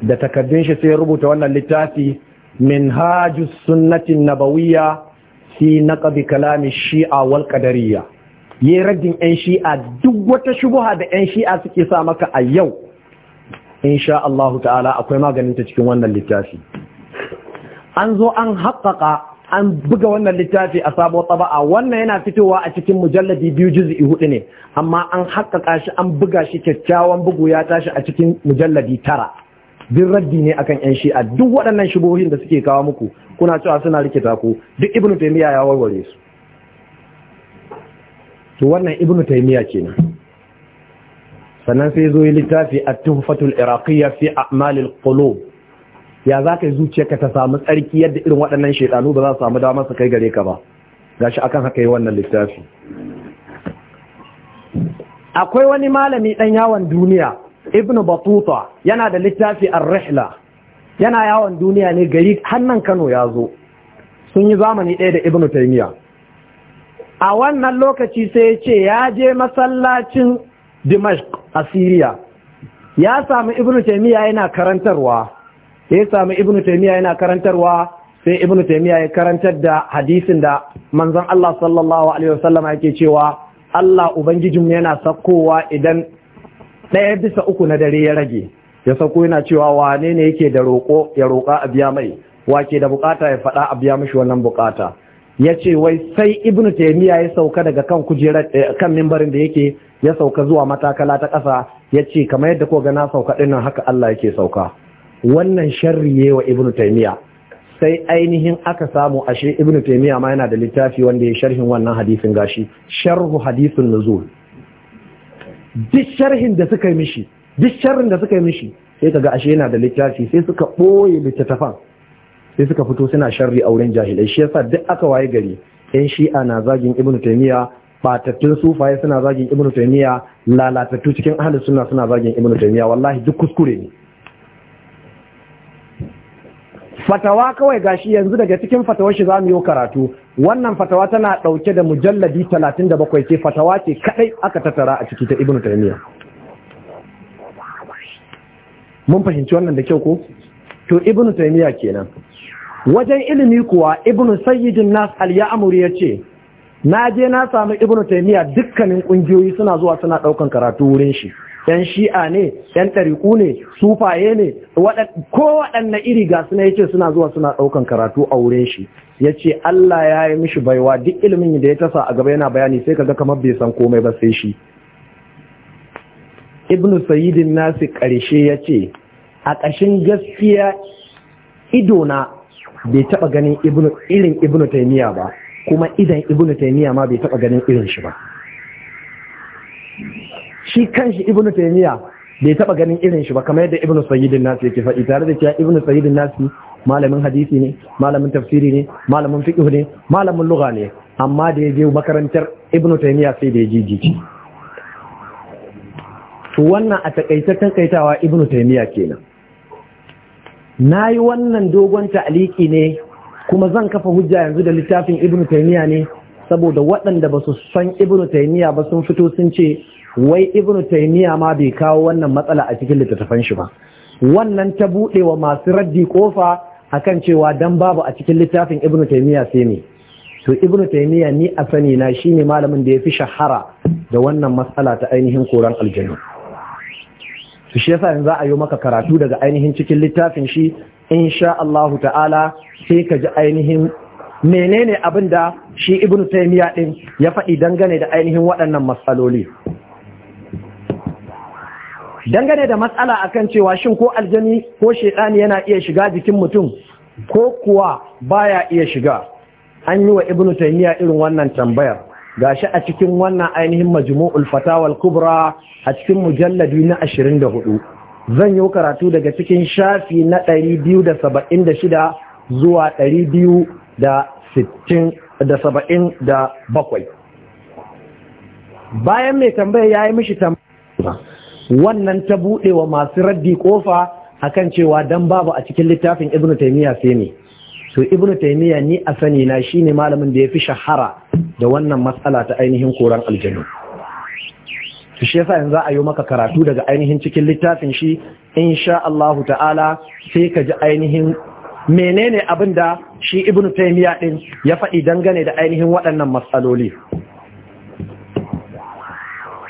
da takardun shi sai ya rubuta wannan littafi min haju sunnatin nabawiyya fi naqabi kalami shi'a wal qadariyya yi raddin yan shi'a duk wata shubuha da yan shi'a suke sa maka a yau insha Allah ta'ala akwai maganin ta cikin wannan littafi an zo an haƙaƙa an buga wannan littafi a sabuwar tsaba'a wannan yana fitowa a cikin mujalladi biyu juz'i hudu ne amma an haƙaƙa shi an buga shi kyakkyawan bugu ya tashi a cikin mujalladi tara Bin raddi ne akan yan shi'a duk waɗannan shubohin da suke kawo muku kuna cewa suna rikita ku duk ibnu taymiya ya warware su to wannan ibnu taymiya kenan sannan sai zo littafi at-tuhfatul iraqiyya fi a'malil qulub ya za ka yi zuciyarka ta samu tsarki yadda irin waɗannan shaidanu ba za su samu damar su kai gare ka ba Ga shi akan haka yi wannan littafi akwai wani malami ɗan yawon duniya ibn batuta yana da littafi a rihla yana yawon duniya ne gari hannan kano ya zo sun yi zamani ɗaya da ibn taimiya a wannan lokaci sai ya ce ya je masallacin dimashq a siriya ya samu ibn taimiya yana karantarwa da ya sami ibn taymiya yana karantarwa sai ibn taymiya ya karantar da hadisin da manzon Allah sallallahu alaihi wasallam yake cewa Allah ubangijin yana sakkowa idan ɗaya bisa uku na dare ya rage ya sauko yana cewa wane ne yake da roƙo ya roƙa a biya mai wake da bukata ya faɗa a biya mashi wannan bukata ya ce wai sai ibn taymiya ya sauka daga kan kujerar eh, kan mimbarin da yake ya sauka zuwa matakala ta ƙasa ya ce kamar yadda ko ga na sauka ɗinnan haka Allah yake sauka wannan sharri ne wa ibnu taymiya sai ainihin aka samu ashe Ibn taymiya ma yana da littafi wanda ya sharhin wannan hadisin gashi sharhu hadisin nuzul duk sharhin da suka yi mishi duk sharrin da suka yi mishi sai kaga ashe yana da littafi sai suka boye littattafan sai suka fito suna sharri a wurin jahilai shi yasa duk aka waye gari yan shi'a na zagin Ibn taymiya batattun sufaye suna zagin Ibn taymiya lalatattu cikin ahlus sunna suna zagin Ibn taymiya wallahi duk kuskure ne fatawa kawai gashi yanzu daga cikin fatawar shi za mu yi karatu wannan fatawa tana ɗauke da mujalladi 37 ce fatawa ce kadai aka tattara a ciki ta Ibn taymiya mun fahimci wannan da kyau ko to Ibn taymiya kenan wajen ilimi kuwa Ibn Sayyidin Nas al-Ya'muri yace na je na samu Ibn taymiya dukkanin kungiyoyi suna zuwa suna daukan karatu wurin shi yan shi'a ne yan ɗariƙu ne sufaye ne ko waɗanne iri ga suna yace suna zuwa suna ɗaukan karatu a wurin shi ya ce Allah ya yi mishi baiwa duk ilimin da ya tasa a gaba yana bayani sai kaga kamar bai san komai ba sai shi Ibn sayyidin nasi ƙarshe ya ce a ƙashin gaskiya idona bai taɓa ganin irin Ibn taimiya ba kuma idan Ibn taimiya ma bai taɓa ganin irin shi ba shi kanshi ibnu taymiya bai taba ganin irin shi ba kamar yadda Ibn sayyidin nasi yake faɗi tare da cewa Ibn sayyidin nasi malamin hadisi ne malamin tafsiri ne malamin fiqh ne malamin lugha ne amma da ya je makarantar Ibn taymiya sai da ya jiki. to wannan a takaice takaitawa ibnu taymiya kenan nayi wannan dogon ta'aliki ne kuma zan kafa hujja yanzu da littafin Ibn taymiya ne saboda waɗanda ba su san Ibn taymiya ba sun fito sun ce wai ibn taymiya ma bai kawo wannan matsala a cikin littattafan shi ba wannan ta bude wa masu raddi kofa akan cewa dan babu a cikin littafin ibn taymiya sai ne to ibn taymiya ni a sani na shine malamin da ya fi shahara da wannan matsala ta ainihin koran aljanna to shi yasa yanzu a yi maka karatu daga ainihin cikin littafin shi insha Allah ta'ala sai ka ji ainihin menene abin da shi ibn taymiya din ya faɗi dangane da ainihin waɗannan matsaloli dangane da matsala akan cewa shin ko aljani ko shaidani yana iya shiga jikin mutum ko kuwa baya iya shiga an yi wa ibnu taimiyya irin wannan tambayar gashi a cikin wannan ainihin majmu'ul fatawal kubra a cikin mujalladi na 24 zan yi karatu daga cikin shafi na 276 zuwa bakwai. bayan mai tambaya ya yi mishi tambaya wannan ta buɗe wa masu raddi kofa akan cewa dan babu a cikin littafin ibnu taymiya sai ne to ibnu taymiya ni a sani na shine malamin da ya fi shahara da wannan matsala ta ainihin koran aljanu to shi yasa yanzu a yi maka karatu daga ainihin cikin littafin shi insha Allah ta'ala sai ka ji ainihin menene abin da shi ibnu taymiya din ya faɗi dangane da ainihin waɗannan matsaloli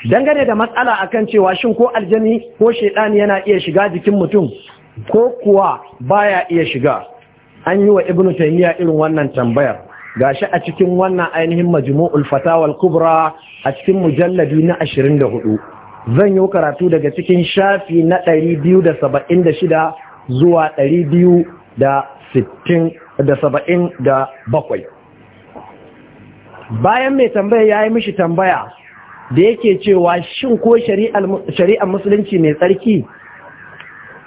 dangane da matsala akan cewa shin ko aljani ko shaidani yana iya shiga jikin mutum ko kuwa baya iya shiga an yi wa ibnu taymiya irin wannan tambayar ga shi a cikin wannan ainihin majmu'ul fatawal kubra a cikin mujalladi na 24 zan yi karatu daga cikin shafi na 276 zuwa 267 bayan mai tambaya ya yi mishi tambaya da yake cewa shin ko shari'ar musulunci mai tsarki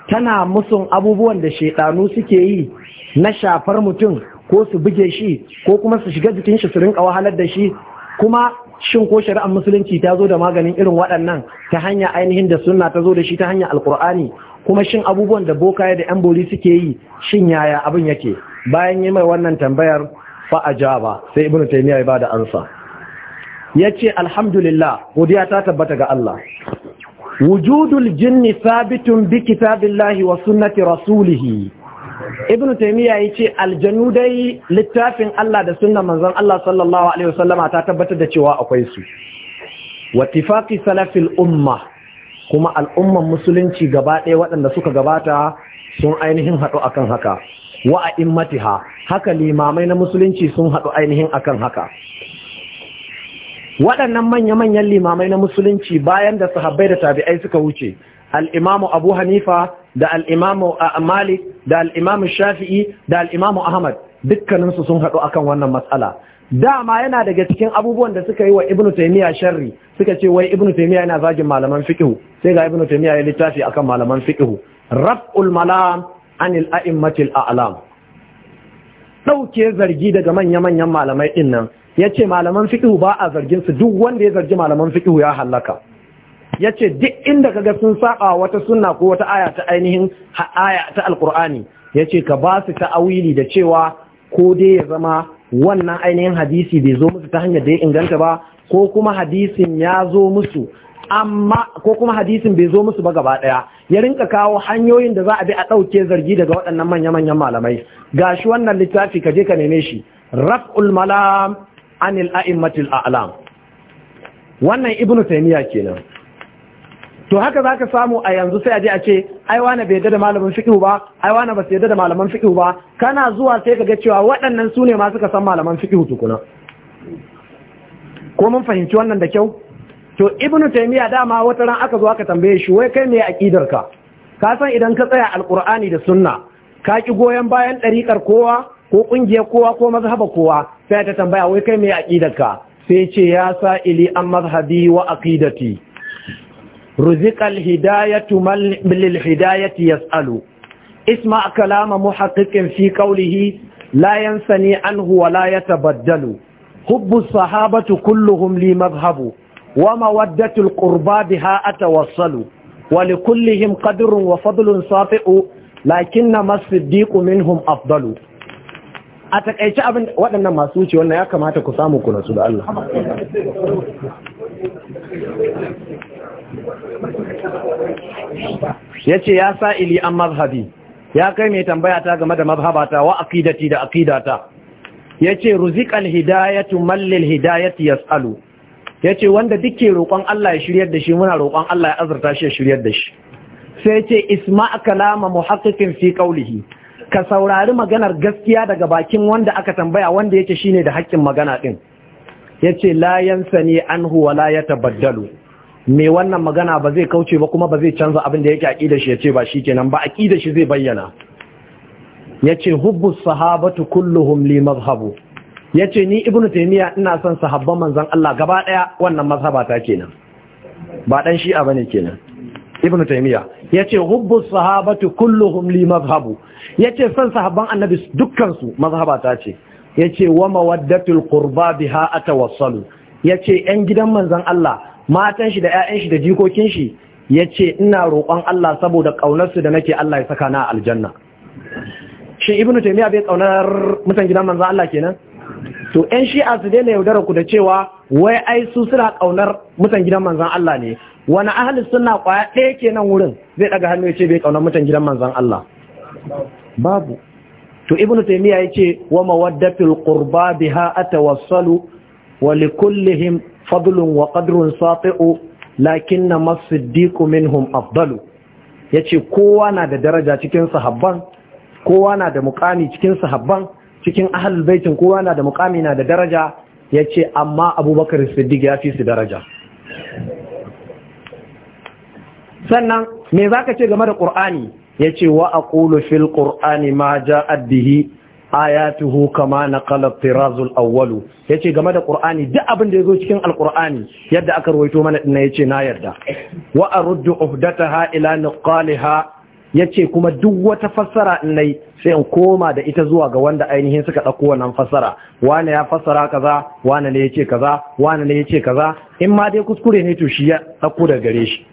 tana musun abubuwan da shaidanu suke yi na shafar mutum ko su buge shi ko kuma su shiga jikin shi su rinka wahalar da shi kuma shin ko shari'ar musulunci ta zo da maganin irin waɗannan ta hanya ainihin da sunna ta zo da shi ta hanyar alkur'ani kuma shin abubuwan da bokaye da yan boli suke yi shin yaya abin yake bayan yi mai wannan tambayar fa ajaba sai ibnu taymiya ya da ansa Ya alhamdu alhamdulillah godiya ta tabbata ga Allah wujudul jinni sabitun bi kitabillahi wa sunnati rasulih ibn taymiya yace aljanu dai littafin Allah da sunna manzon Allah sallallahu alaihi wasallama ta tabbatar da cewa akwai su Watifaki salafil umma kuma al'umman musulunci gaba ɗaya waɗanda suka gabata sun ainihin haɗu akan haka wa a'immatiha haka limamai na musulunci sun haɗu ainihin akan haka waɗannan manya-manyan limamai na musulunci bayan da sahabbai da tabi'ai suka wuce al'imamu abu hanifa da al'imamu malik da al'imamu shafi'i da al'imamu ahmad dukkaninsu sun haɗu akan wannan matsala dama yana daga cikin abubuwan da suka yi wa ibnu taimiyya sharri suka ce wai ibnu taimiyya yana zagin malaman fiqhu sai ga ibnu taimiyya ya littafi akan malaman fiqhu raf'ul malam anil a'immatil a'lam dauke zargi daga manya-manyan malamai din nan Ya ce malaman fiqh ba a zargin su duk wanda ya zargi malaman fiqh ya halaka ce duk inda kaga sun saba wata sunna ko wata aya ta ainihin aya ta ya ce ka ba su ta'awili da cewa ko dai ya zama wannan ainihin hadisi bai zo musu ta hanyar da ya inganta ba ko kuma hadisin ya zo musu amma ko kuma hadisin bai zo musu ba gaba daya ya rinka kawo hanyoyin da za a bi a ɗauke zargi daga waɗannan manya-manyan malamai shi wannan littafi ka je ka neme shi raf'ul malam anil a'immatil a'lam wannan ibnu taymiya kenan to haka zaka samu a yanzu sai a je a ce ai wani bai da malamin fiqh ba ai wani ba sai da malaman fiqh ba kana zuwa sai ka ga cewa waɗannan su ne ma suka san malaman fiqh tukuna ko mun fahimci wannan da kyau to ibnu taymiya dama wata ran aka zo aka tambaye shi wai kai me aqidar ka ka san idan ka tsaya alqur'ani da sunna ka ki goyen bayan ɗariƙar kowa ko ƙungiyar kowa ko mazhaba kowa sai ta tambaya wai kai mai aqidarka sai ce ya sa ili an mazhabi wa aqidati ruziqal hidayatu mal bil hidayati yasalu isma kalam fi qawlihi la yansani anhu wa la yatabaddalu hubbu لا kulluhum li mazhabu wa mawaddatu al qurba biha atawassalu wa li kullihim qadrun wa fadlun safi'u لكن ما الصديق منهم أفضل a takaice abin waɗannan masu wuce wannan ya kamata ku samu ku nasu da Allah ya ce ya sa'ili an mazhabi ya kai mai tambaya ta game da mazhabata wa aqidati da aqidata ya ce ruziƙal hidayatu mallil hidayati yas'alu ya ce wanda duke roƙon Allah ya shiryar da shi muna roƙon Allah ya azurta shi ya shiryar da shi sai ce isma kalama muhaqqiqin fi qawlihi ka saurari maganar gaskiya daga bakin wanda aka tambaya wanda yake shine da haƙƙin magana din yace la yansani anhu wala ya tabaddalu. me wannan magana ba zai kauce ba kuma ba zai canza abin da yake aqida shi yace ba shikenan ba aqida shi zai bayyana yace hubbu sahabatu kulluhum li madhhabu yace ni ibnu taymiya ina son sahabban manzon Allah gaba daya wannan mazhaba ta kenan ba dan shi'a bane kenan ibnu taymiya yace hubbu sahabatu kulluhum li madhhabu yace son sahabban annabi dukkansu mazhaba ta ce yace wa mawaddatul qurba biha atawassalu yace yan gidan manzon Allah matan shi da ƴaƴan shi da jikokin shi yace ina roƙon Allah saboda kaunar su da nake Allah ya saka na aljanna shin ibnu taymiya bai kaunar mutan gidan manzon Allah kenan to ƴan shi'a su daina yaudara ku da cewa wai ai su suna ƙaunar mutan gidan manzon Allah ne wani ahalin suna kwaya ɗaya kenan wurin zai ɗaga hannu ya ce bai kaunar mutan gidan manzon Allah babu to ibn taymiya yace wa mawaddatul qurba biha atawassalu wa likullihim fadlun wa qadrun sati'u lakinna masiddiq minhum afdalu yace kowa na da daraja cikin sahabban kowa na da muqami cikin sahabban cikin ahlul baitin kowa na da muqami na da daraja yace amma abubakar siddiq ya fi su daraja sannan me zaka ce game da qur'ani yace wa aqulu fil qur'ani ma ja bihi ayatuhu kama naqala tirazul Ya yace game da ƙur'ani duk abin da ya zo cikin Alƙur'ani yadda aka rawaito mana ya yace na yarda wa aruddu uhdataha ila ya yace kuma duk wata fassara nai sai in koma da ita zuwa ga wanda ainihin suka ɗauko wannan fassara wane ya fassara kaza wane ne ce kaza wane ne ce kaza in ma dai kuskure ne to shi ya ɗauko daga gare shi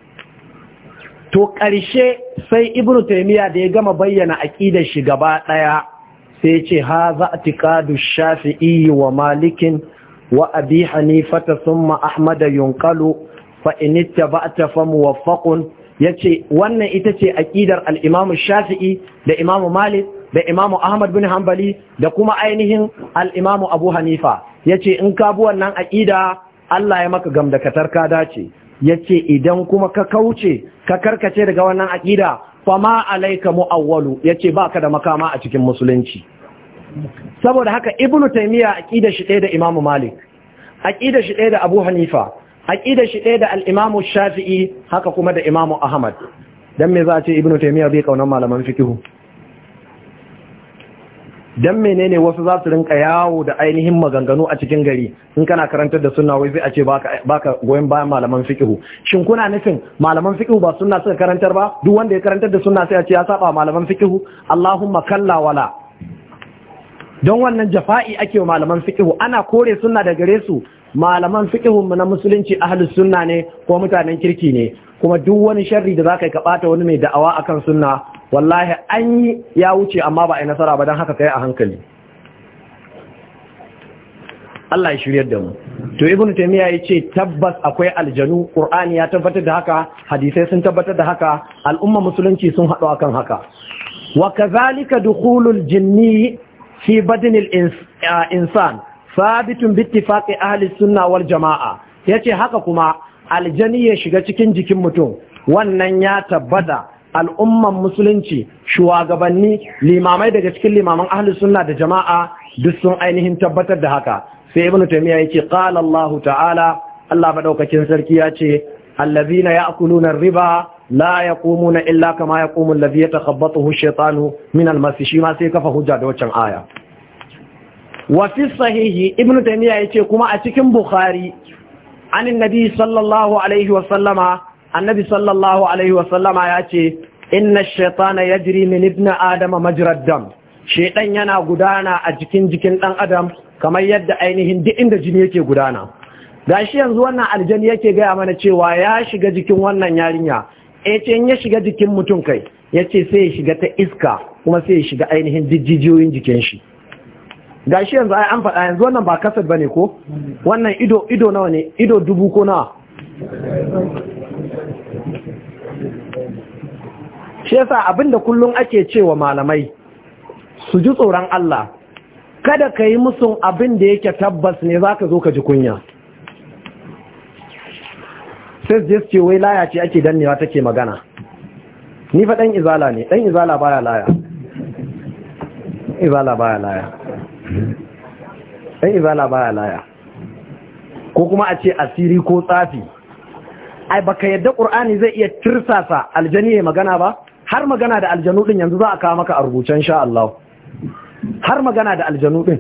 to ƙarshe sai ibn taimiyya da ya gama bayyana aƙidar shi gaba ɗaya sai ce ha za a shafi'i wa malikin wa abi ta summa ahmada yunkalu fa initta ba ta fa Ya yace wannan ita ce aƙidar al shafi'i da imamu malik da imamu ahmad bin hanbali da kuma ainihin al'imamu abu hanifa yace in ka bi wannan aƙida Allah ya maka gamdakatar ka dace yace idan kuma ka kauce ka karkace daga wannan aqida fama alayka muawwalu yace baka da makama a cikin musulunci saboda haka ibnu taymiya aqida shi da imam malik aqida shi da abu hanifa aqida shi da al-imam shafi'i haka kuma da imam ahmad dan me za a ce ibnu taymiya bai kaunan malaman fiqh dan menene wasu za su rinka yawo da ainihin maganganu a cikin gari in kana karantar da sunna wai sai a ce baka baka goyen bayan malaman fiqh shin kuna nufin malaman fiqh ba sunna suka karantar ba duk wanda ya karantar da sunna sai a ce ya saba malaman fiqh Allahumma kalla wala don wannan jafa'i ake wa malaman fiqh ana kore sunna da gare su malaman fiqh na musulunci ahlus sunna ne ko mutanen kirki ne kuma duk wani sharri da zaka ka bata wani mai da'awa akan sunna wallahi an yi ya wuce amma ba a yi nasara ba don haka kai a hankali Allah ya shiryar da mu to ibnu ya ce tabbas akwai aljanu qur'ani ya tabbatar da haka hadisai sun tabbatar da haka al'umma musulunci sun haɗu a kan haka wa kazalika dukhulul jinni fi badnil insan sabitun bittifaqi ahli sunna wal jamaa ce haka kuma aljani ya shiga cikin jikin mutum wannan ya tabbata al'umman musulunci shugabanni limamai daga cikin limaman ahli sunna da jama'a duk sun ainihin tabbatar da haka sai ibnu taymiya yake qala Allah ta'ala Allah madaukakin sarki ya ce allazina ya'kuluna riba la yaqumuna illa kama yaqumu allazi yatakhabbathu ash-shaytanu min al-masi shi ma sai kafa hujja da wancan aya wa fi sahihi ibnu taymiya yake kuma a cikin bukhari anin nabi sallallahu alaihi wa sallama annabi sallallahu alaihi wasallama ya ce inna shaitana ya jiri min ibn adama majirar dam shaitan yana gudana a jikin jikin dan adam kamar yadda ainihin duk inda jini yake gudana gashi yanzu wannan aljani yake gaya mana cewa ya shiga jikin wannan yarinya ya eh, ce in ya shiga jikin mutum kai ya ce sai ya shiga ta iska kuma sai ya shiga ainihin jijiyoyin jikin shi gashi yanzu ai an faɗa yanzu wannan ba kasar bane ko wannan ido ido nawa ne ido dubu ko nawa shi yasa abinda kullum ake cewa malamai su ji tsoron Allah kada ka yi musu abin da yake tabbas ne za ka zo ka ji kunya sai zai ce wai laya ce ake dannewa take magana ni fa dan izala ne dan izala baya laya izala baya laya dan izala baya laya ko kuma a ce asiri ko tsafi ai baka yadda qur'ani zai iya tirsasa aljani ya magana ba har magana da aljanu din yanzu za a kawo maka a rubuce insha Allah har magana da aljanu din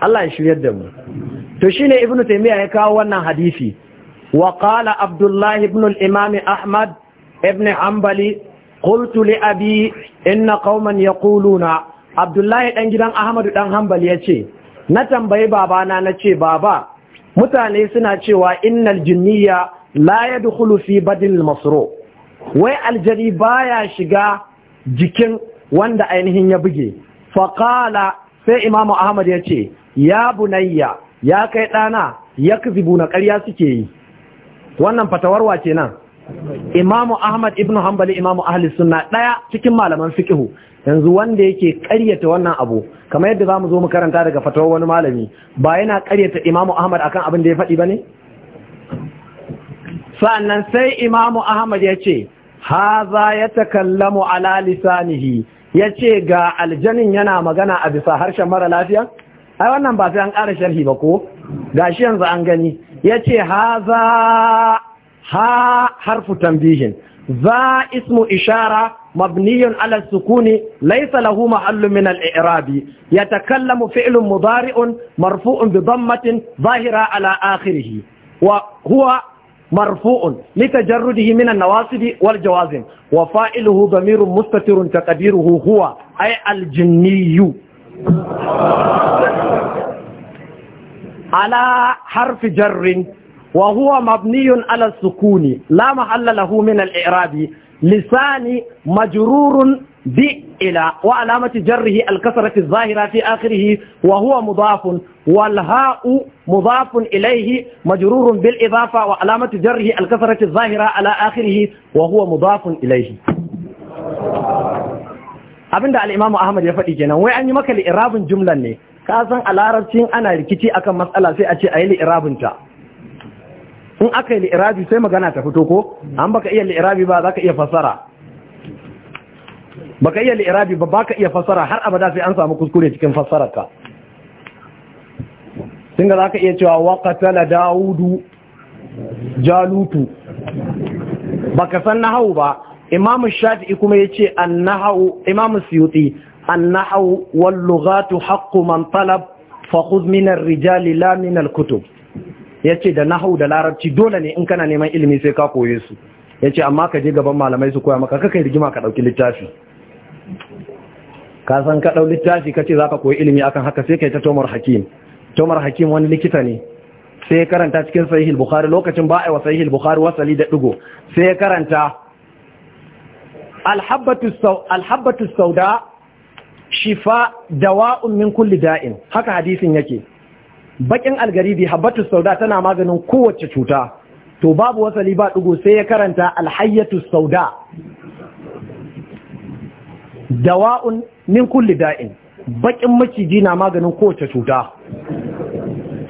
Allah ya shiryar da mu to shine ibnu taymiya ya kawo wannan hadisi wa qala abdullah ibn al-imam ahmad ibn hanbali qultu li abi inna qauman yaquluna abdullah dan gidan ahmad dan hanbali yace na tambayi babana nace baba mutane suna cewa innal jinniya la yadkhulu fi badil masru wai aljani baya shiga jikin wanda ainihin ya buge faƙala sai imamu ahmad ya ce ya bunayya ya kai ɗana ya kizibu na ƙarya suke yi wannan fatawarwa ce nan imamu ahmad ibn hanbali imamu ahli sunna ɗaya cikin malaman fikihu yanzu wanda yake ƙaryata wannan abu kamar yadda zamu zo mu karanta daga fatawar wani malami ba yana ƙaryata imamu ahmad akan abin da ya faɗi ba ne sa'annan sai imamu ahmad ya ce haza ya takallamu ala lisanihi yace ga aljanin yana magana a bisa harshen mara lafiya ai wannan ba sai an ƙara sharhi ba ko gashi yanzu an gani yace haza ha harfu tambihin za ismu ishara mabniyun ala sukuni laisa lahu mahallu min al-i'rabi yatakallamu fi'lun mudari'un marfu'un bi dhammatin zahira ala akhirih wa huwa مرفوع لتجرده من النواصب والجوازم وفائله ضمير مستتر تقديره هو أي الجني على حرف جر وهو مبني على السكون لا محل له من الإعراب لساني مجرور bi ila wa alamati jarrihi alkasrati zahira fi akhirih wa huwa mudafun wal ha'u mudafun ilayhi majrurun bil idafa wa alamati jarrihi alkasrati zahira ala akhirih wa huwa mudafun ilayhi abinda al-imam ahmad ya faɗi kenan wai an yi maka li'irabin jumlan ne ka san a ana rikici akan matsala sai a ce a yi li'irabinta in aka yi li'irabi sai magana ta fito ko an baka iya li'irabi ba za ka iya fassara baka iya li'irabi ba baka iya fassara har abada sai an samu kuskure cikin fassararka ka singa zaka iya cewa waƙatala daudu jalutu baka san nahau ba Imam shafi'i kuma ya ce imam imamu suyuti annahau wal lughatu haqqu man talab fa khudh min ar-rijali la min al-kutub yace da nahau da larabci dole ne in kana neman ilimi sai ka koye su yace amma ka je gaban malamai su koya maka kakai rigima ka dauki littafi ka san ka ɗau littafi ka ce za ka koyi ilimi akan haka sai ka yi ta tomar hakim tomar hakim wani likita ne sai ya karanta cikin sahihul bukhari lokacin ba a yi wa sahihul bukhari wasali da digo sai ya karanta alhabbatu sauda shifa dawa'un min kulli da'in haka hadisin yake bakin algaribi habbatu sauda tana maganin kowace cuta to babu wasali ba digo sai ya karanta alhayyatu sauda dawa'un min kulli da'in bakin maciji na maganin kowace cuta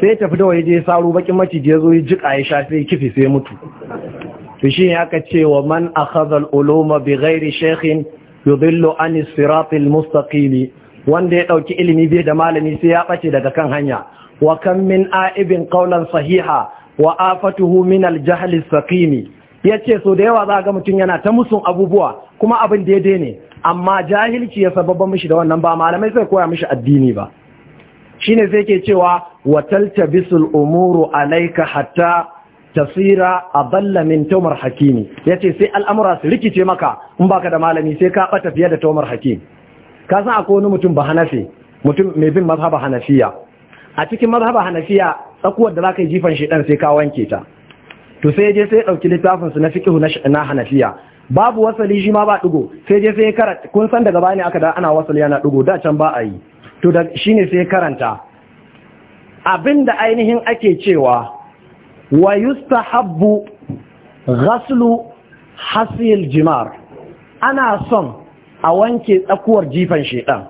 sai ya tafi da waje ya saro bakin maciji ya zo ya jika ya sha sai kifi sai mutu to shi ne aka ce wa man akhadha al-uluma bi ghairi shaykhin yudillu an siratil mustaqim wanda ya dauki ilimi bai da malami sai ya bace daga kan hanya wa kam min a'ibin qawlan sahiha wa afatuhu min al-jahl as-saqim yace so da yawa za ga mutum yana ta musun abubuwa kuma abin daidai ne amma jahilci ya sababba mishi da wannan ba malamai sai koya mishi addini ba shine sai ke cewa watalta bisul umuru alaika hatta tasira adalla min tumar hakimi yace sai al'amura su rikice maka in baka da malami sai ka bata fiye da tumar hakimi. ka san akwai wani mutum ba hanafi mutum mai bin mazhaba hanafiya a cikin mazhaba hanafiya tsakuwar da zaka yi jifan shedan sai ka wanke ta to sai je sai dauki littafin su na fiqh na hanafiya babu wasali shi ma ba ɗigo. sai je sai karanta kun san daga bani aka da ana wasali yana dugo da can ba a yi to da shine sai karanta abinda ainihin ake cewa wa yustahabbu ghaslu hasil jimar ana son a wanke tsakuwar jifan shedan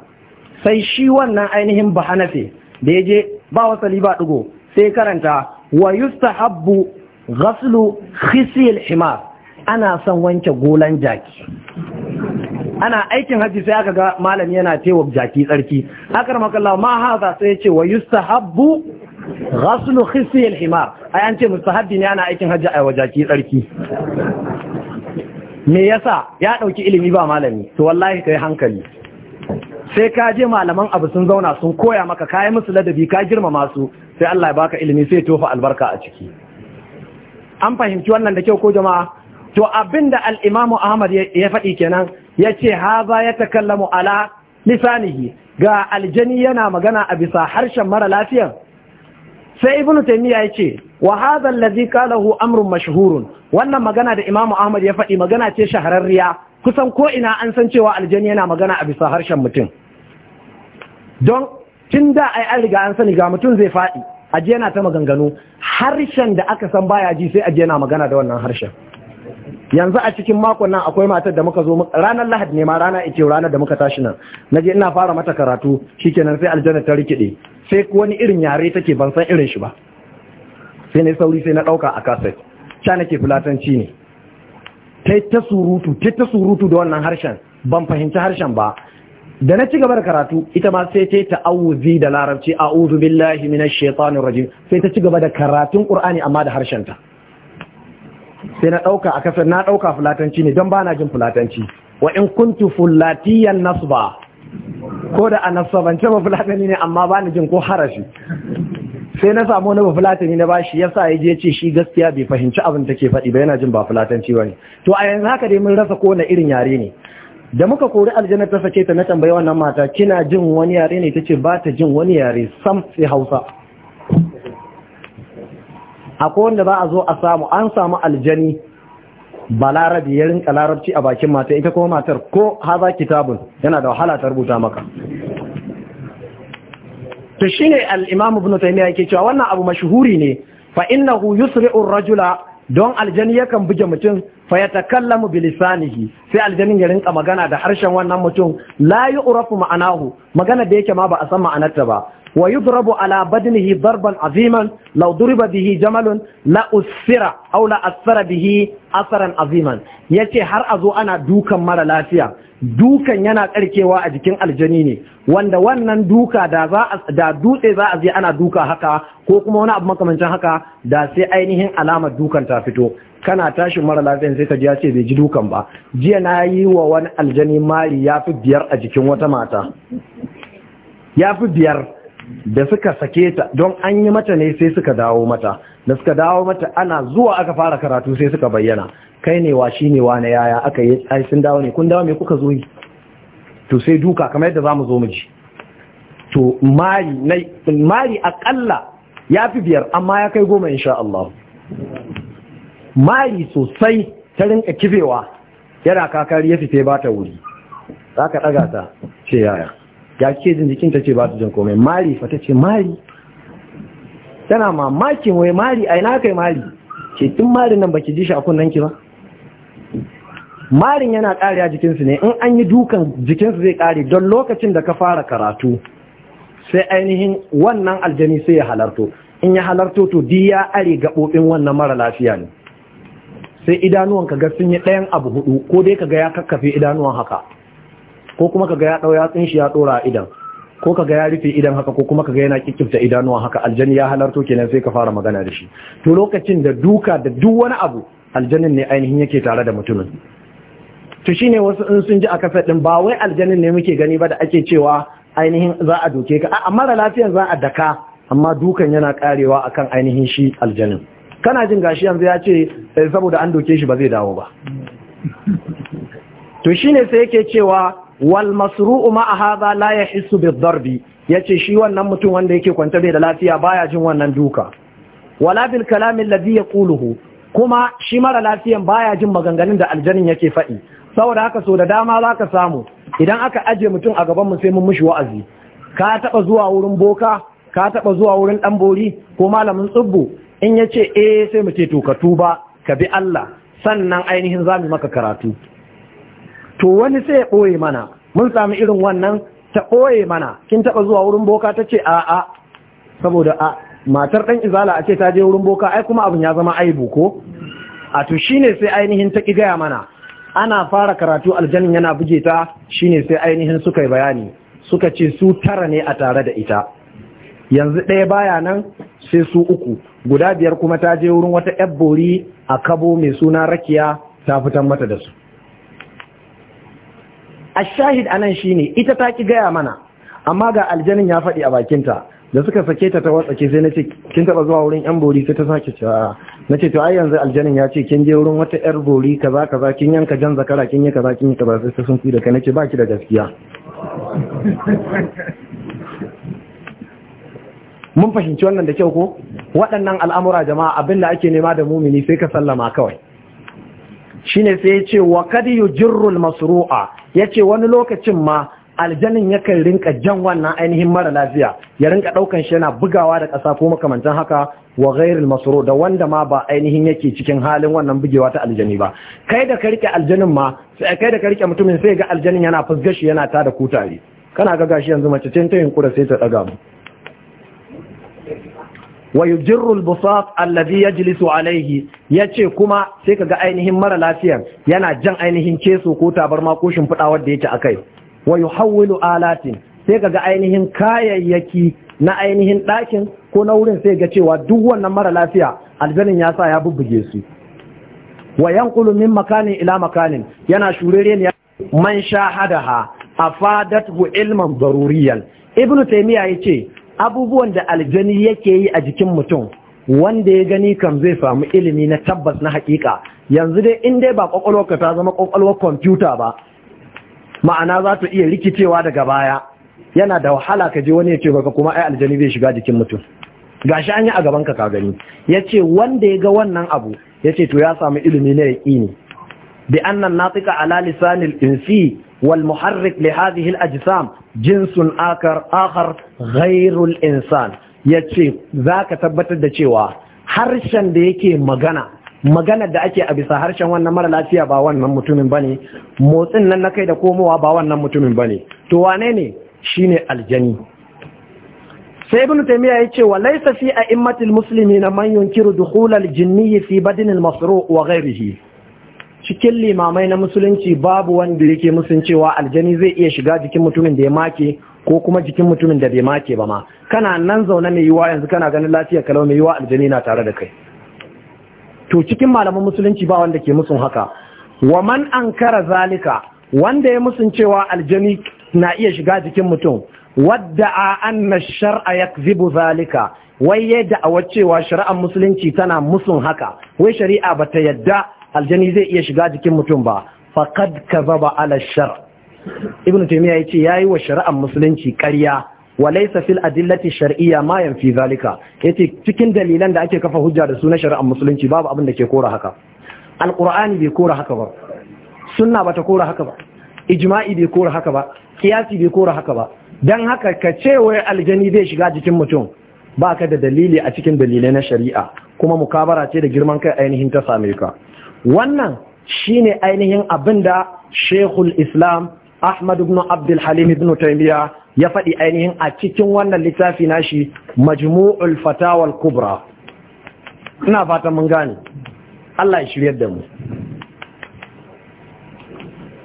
sai shi wannan ainihin bahanafe da ya je ba wasali ba ɗigo. sai karanta wa yustahabbu ghaslu khisil himar ana son wanke golan jaki ana aikin haji sai aka ga malami yana tewa jaki tsarki hakar makalla ma haza sai ce wa yustahabbu ghaslu khisi al-himar ai an ce mustahabbi ne ana aikin haji a jaki tsarki me yasa ya ɗauki ilimi ba malami to wallahi ka yi hankali sai ka je malaman abu sun zauna sun koya maka kayan musu ladabi ka girmama su sai Allah ya baka ilimi sai tofa albarka a ciki an fahimci wannan da kyau ko jama'a to abinda al'imamu ahmad ya faɗi kenan ya ce haza ya takallamu ala lisanihi ga aljani yana magana a bisa harshen mara lafiyar sai ibnu taymiya ya ce wa hadha alladhi qalahu amrun mashhurun wannan magana da imamu ahmad ya faɗi magana ce shahararriya kusan ko ina an san cewa aljani yana magana a bisa harshen mutum don tun da ai an riga an sani ga mutum zai faɗi aje yana ta maganganu harshen da aka san baya ji sai aje yana magana da wannan harshen yanzu a cikin makon nan akwai matar da muka zo ranar lahad ne ma rana ita ranar da muka tashi nan na je ina fara mata karatu shikenan sai aljanna ta rikide sai wani irin yare take ban san irin shi ba sai na sauri sai na dauka a kaset cha nake fulatanci ne tai ta surutu tai ta surutu da wannan harshen ban fahimci harshen ba da na ci gaba da karatu ita ma sai ta ta'awuzi da larabci a'udhu billahi minash shaitanir rajim sai ta ci gaba da karatun qur'ani amma da harshen ta sai na ɗauka a kasar na ɗauka fulatanci ne don bana jin fulatanci wa in kuntu fulatiyan nasba ko da a nasabance ba fulatani ne amma bani jin ko harashi sai na samu wani fulatani na bashi yasa ya je ce shi gaskiya bai fahimci abin da ke faɗi ba yana jin ba fulatanci ne. to a yanzu haka dai mun rasa ko na irin yare ne da muka kori Aljanar ta sake ta na tambayi wannan mata kina jin wani yare ne ta ce ba ta jin wani yare sam sai Hausa akwai wanda za a zo a samu an samu aljani ba larabi ya rinka larabci a bakin mata ita kuma matar ko haza kitabun yana da wahala ta rubuta maka to shine al-imam ibn taymiya yake cewa wannan abu mashhuri ne fa innahu yusri'u ar-rajula don aljani yakan buge mutum fa yatakallamu bi lisanihi sai aljanin ya rinka magana da harshen wannan mutum la yu'rafu ma'anahu magana da yake ma ba a san ma'anarta ba wa yudrabu ala badnihi darban aziman law bihi jamalun la usfira aw la bihi asaran aziman yace har a zo ana dukan mara lafiya dukan yana karkewa a jikin aljani ne wanda wannan duka da dutse za a je ana duka haka ko kuma wani abu makamancin haka da sai ainihin alamar dukan ta fito kana tashin mara lafiyan sai ka ji ya ce bai ji dukan ba jiya na yi wa wani aljani mari ya fi biyar a jikin wata mata ya fi biyar da suka sake ta don an yi mata ne sai suka dawo mata da suka dawo mata ana zuwa aka fara karatu sai suka bayyana kai ne wa shi ne wa na yaya aka yi ai sun dawo ne kun dawo me kuka zo yi to sai duka kamar yadda zamu zo mu ji to mari nai mari akalla ya fi biyar amma ya kai goma insha Allah mari sosai ta rinka kifewa yana kakar ya fice ba ta wuri zaka daga ta ce yaya ya ce jin ta ce ba su jin komai mari fata ce mari tana mamakin wai mari a ina kai mari ce tun marin nan baki ji shi a ki ba marin yana kariya jikinsu ne in an yi dukan jikinsu zai kare don lokacin da ka fara karatu sai ainihin wannan aljani sai ya halarto in ya halarto to di ya are gaɓoɓin wannan mara lafiya ne sai idanuwan ka ga sun yi ɗayan abu hudu ko dai ka ga ya kakkafe idanuwan haka ko kuma kaga ya dau yatsun shi ya dora idan ko kaga ya rufe idan haka ko kuma kaga yana kikkifta idanuwa haka aljani ya halarto kenan sai ka fara magana da shi to lokacin da duka da duk wani abu aljanin ne ainihin yake tare da mutumin to shine wasu in sun ji a kasa din ba wai aljanin ne muke gani ba da ake cewa ainihin za a doke ka a mara lafiyan za a daka amma dukan yana karewa akan ainihin shi aljanin kana jin gashi yanzu ya ce eh, saboda an doke shi ba zai dawo ba to shine sai yake cewa wal masru'u ma hadha la yahissu darbi yace shi wannan mutum wanda yake kwanta bai da lafiya baya jin wannan duka wala bil kalam alladhi yaquluhu kuma shi mara lafiyan baya jin maganganun da aljanin yake faɗi saboda haka so da dama zaka samu idan aka aje mutum a gaban mu sai mun mushi wa'azi ka taba zuwa wurin boka ka taba zuwa wurin dan bori ko malamin tsubbu in yace eh sai mu ce to ka tuba ka bi Allah sannan ainihin zamu maka karatu to wani sai ya ɓoye mana mun sami irin wannan ta ɓoye mana kin taɓa zuwa wurin boka ta ce a'a saboda a matar ɗan izala a ce ta je wurin boka ai kuma abin ya zama aibu ko a to shine sai ainihin ta gaya mana ana fara karatu aljanin yana buge ta shine sai ainihin suka yi bayani suka ce su tara ne a tare da ita yanzu ɗaya baya nan sai su uku guda biyar kuma ta je wurin wata yabbori a kabo mai suna rakiya ta fitan mata da su A ashahid anan shi ne ita ta ki gaya mana amma ga aljanin ya faɗi a bakinta da suka sake ta ta ke, sai na ce kin taba zuwa wurin yan bori sai ta sake cewa na ce to ai yanzu aljanin ya ce kin je wurin wata yar bori kaza kaza kin yanka jan zakara kin yi kaza kin yi kaza sai sun fi da nace ba ki da gaskiya mun fahimci wannan da kyau ko waɗannan al'amura jama'a abin da ake nema da mumini sai ka sallama kawai Shi ne sai ya ce wa kad yujirrul masru'a yace wani lokacin ma aljanin yakan rinka jan wannan ainihin mara lafiya ya rinka ɗaukan shi yana bugawa da ƙasa ko makamantan haka wa ghairil masru da wanda ma ba ainihin yake cikin halin wannan bugewa ta aljani ba kai da ka rike aljanin ma sai kai da ka rike mutumin sai ga aljanin yana fusgashi yana tada kutare kana ga gashi yanzu mace ce ta yunkura sai ta daga mu wa yujirru al-busat alladhi yajlisu alayhi yace kuma sai kaga ainihin mara lafiyan yana jan ainihin keso ko tabarma ko shimfiɗa wanda yake akai wa yuhawwilu alatin sai kaga ainihin kayayyaki na ainihin ɗakin ko na wurin sai ga cewa duk wannan mara lafiya aljanin ya sa ya bubbuge su wa yanqulu min makanin ila makanin yana shurere ne man shahadaha afadathu ilman daruriyan ibnu taymiya yace abubuwan da aljani yake yi a jikin mutum wanda ya gani kan zai samu ilimi na tabbas na hakika yanzu dai in dai ba kwakwalwarka ta zama kwakwalwar kwamfuta ba ma'ana za ta iya rikicewa daga baya yana da wahala ka je wani ya ce baka kuma ai aljani zai shiga jikin mutum Ga shi an yi a gaban ka ka gani ce wanda ya ga wannan abu ya ce to ya samu ilimi na yaƙi ne bi annan nasika ala lisanil insi والمحرك لهذه الأجسام جنس آخر آخر غير الإنسان yace zaka tabbatar da cewa harshen da yake magana magana da ake a bisa harshen wannan mara lafiya ba wannan mutumin bane motsin nan na kai da komowa ba wannan mutumin bane to wane ne shine aljani sai ibn ya ce wa laysa fi a'immatil na man yunkiru dukhul al jinni fi badin al masru' wa ghayrihi cikin limamai na musulunci babu wanda yake musun cewa aljani zai iya shiga jikin mutumin da ya make ko kuma jikin mutumin da bai make ba ma kana nan zaune mai yiwa yanzu kana ganin lafiya kalau mai yiwa aljani na tare da kai to cikin malaman musulunci ba wanda ke musun haka wa man ankara zalika wanda ya musun cewa aljani na iya shiga jikin mutum wadda a anna shar'a yakzibu zalika wai yadda a wacewa shari'ar musulunci tana musun haka wai shari'a bata yadda aljani zai iya shiga jikin mutum ba faqad kazaba ala shar ibn taymiya yace yayi wa shari'ar musulunci ƙarya wa laysa fil adillati shar'iyya ma yanfi zalika yace cikin dalilan da ake kafa hujja da su na shari'ar musulunci babu abin da ke kora haka alqur'ani bai kora haka ba sunna bata kora haka ba ijma'i bai kora haka ba kiyasi bai kora haka ba dan haka ka ce wai aljani zai shiga jikin mutum Ba ka da dalili a cikin dalilai na shari'a kuma mukabara ce da girman kai ainihin ta same ka wannan shine ainihin abinda Sheikhul Islam Ahmad ibn Abdul Halim ibn Taymiyyah ya faɗi ainihin a cikin wannan littafi nashi Majmu'ul Fatawal Kubra ina fata mun gane Allah ya shiryar da mu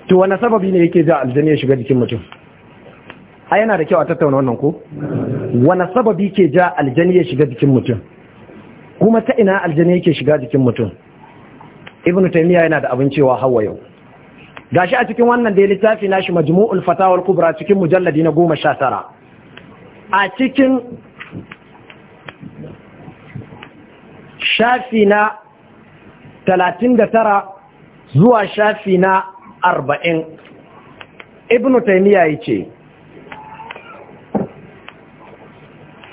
to wani sababi ne yake ja aljani ya shiga jikin mutum a yana da kyau a tattauna wannan ko wani sababi ke ja aljani ya shiga jikin mutum kuma ta ina aljani yake shiga jikin mutum ibnu taymiya yana da abin cewa hawa yau gashi a cikin wannan da littafi nashi majmu'ul fatawar kubra cikin mujalladi na goma sha tara a cikin shafi na talatin da tara zuwa shafi na arba'in ibnu taymiya ya ce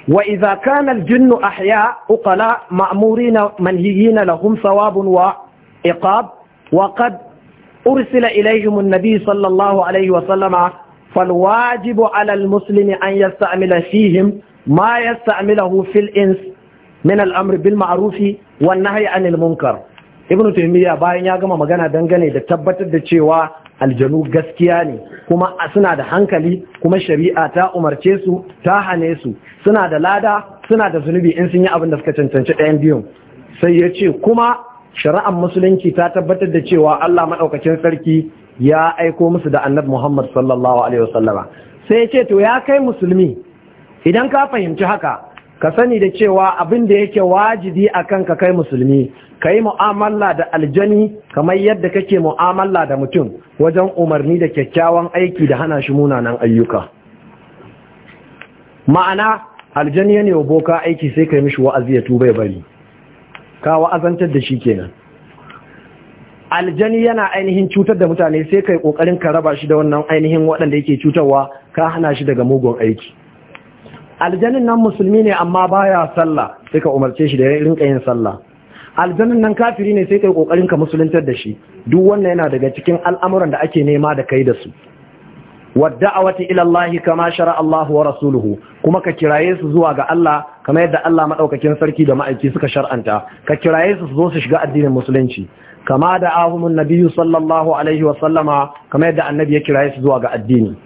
وإذا كان ahya أحياء ma'murina مأمورين منهيين لهم wa? iqab wa ursila ilayhim an-nabi sallallahu alaihi wa sallama فالواجب على المسلم أن يستعمل فيهم ما يستعمله في الإنس من الأمر بالمعروف والنهي عن المنكر ibnu taymiya bayan ya gama magana dangane da tabbatar da cewa aljanu gaskiya ne kuma suna da hankali kuma shari'a ta umarce su ta hane su suna da lada suna da zunubi in sun yi abin da suka cancanci ɗayan biyun sai ya ce kuma shari'ar musulunci ta tabbatar da cewa Allah maɗaukacin sarki ya aiko musu da annabi Muhammad sallallahu alaihi wasallama sai ce to ya kai musulmi idan ka fahimci haka ka sani da cewa abin da yake wajibi akan ka kai musulmi ka yi mu'amala da aljani kamar yadda kake mu'amala da mutum wajen umarni da kyakkyawan aiki da hana shi munanan ayyuka ma'ana aljani ya ne boka aiki sai ka yi mishi wa'azi ya tuba ya bari ka azantar da shi kenan aljani yana ainihin cutar da mutane sai kai kokarin ka raba shi da wannan ainihin waɗanda yake cutarwa ka hana shi daga mugun aiki aljanin nan musulmi ne amma baya sallah sai ka umarce shi da ya rinka yin sallah aljanin nan kafiri ne sai kai kokarin ka musuluntar da shi duk wannan yana daga cikin al'amuran da ake nema da kai da su Wadda a wata ilallahi kama shara Allah wa rasuluhu kuma ka kiraye su zuwa ga Allah kamar yadda Allah madaukakin sarki da ma'aiki suka shar'anta ka kiraye su zo su shiga addinin musulunci kama da ahumun nabiyyu sallallahu alaihi wa sallama kama yadda annabi ya kiraye su zuwa ga addini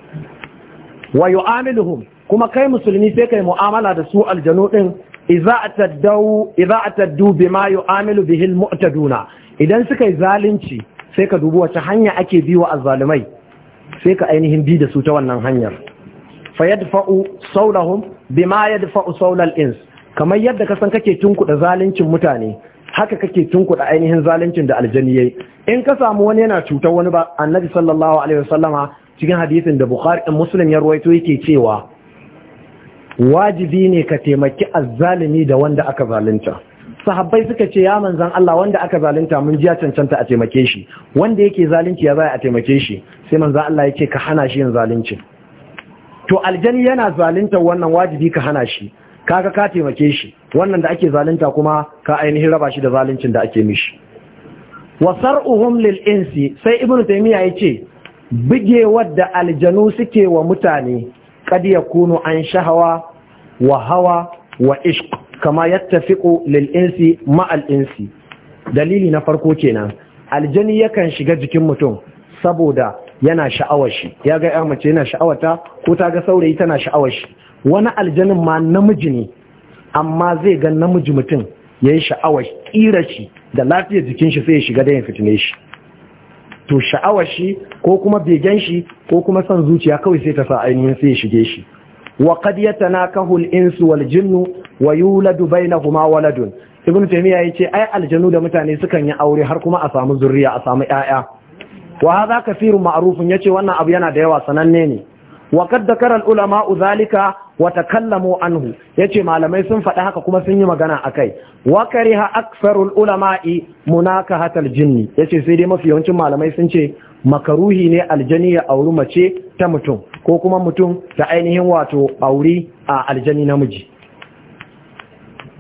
wa yu'amiluhum kuma kai musulmi sai kai mu'amala da su aljanu din idza taddu idza ma bima yu'amilu bihi almu'taduna idan suka yi zalunci sai ka dubi wace hanya ake bi wa azzalumai sai ka ainihin bi da su ta wannan hanyar fa yadfa'u saulahum bima yadfa'u saulal ins kamar yadda ka san kake tunkuda zaluncin mutane haka kake tunkuda ainihin zaluncin da aljani in ka samu wani yana cutar wani ba annabi sallallahu alaihi wasallama cikin hadisin da bukhari in muslim ya rawaito yake cewa wajibi ne ka taimaki azzalimi da wanda aka zalunta sahabbai suka ce ya manzan Allah wanda aka zalunta mun ji cancanta a taimake shi wanda yake zalunci ya za a taimake shi sai manzan Allah ya ce ka hana shi yin zalunci to aljani yana zalunta wannan wajibi ka hana shi kaga ka taimake shi wannan da ake zalunta kuma ka ainihin raba shi da zaluncin da ake mishi wa sar'uhum lil insi sai ibnu taymiya ce, bigewar da aljanu suke wa mutane kad yakunu an shahawa wa hawa wa ishq kama yattafiqu lil insi ma'al insi dalili na farko kenan aljani yakan shiga jikin mutum saboda yana sha'awar shi ya ga ya mace yana sha'awata ko ta ga saurayi tana sha'awar shi wani aljanin ma namiji ne amma zai ga namiji mutum ya yi sha'awar kira shi da lafiyar jikin shi sai ya shiga da ya fitine shi to sha'awar shi ko kuma begen shi ko kuma son zuciya kawai sai ta sa ainihin sai ya shige shi wa qad yatanakahu al-insu wal jinnu wa yuladu bainahuma waladun ibnu taymiya yace ai aljanu da mutane sukan yi aure har kuma a samu zuriya a samu yaya wa hadha maarufin? ma'rufun yace wannan abu yana da yawa sananne ne wa qad dakara ulama zalika wa takallamu anhu yace malamai sun faɗi haka kuma sun yi magana akai wa kariha aktharul ulama'i munakahatal jinni yace sai dai mafi yawancin malamai sun ce makaruhi ne aljani ya auri mace ta mutum ko kuma mutum ta ainihin wato auri a aljani namiji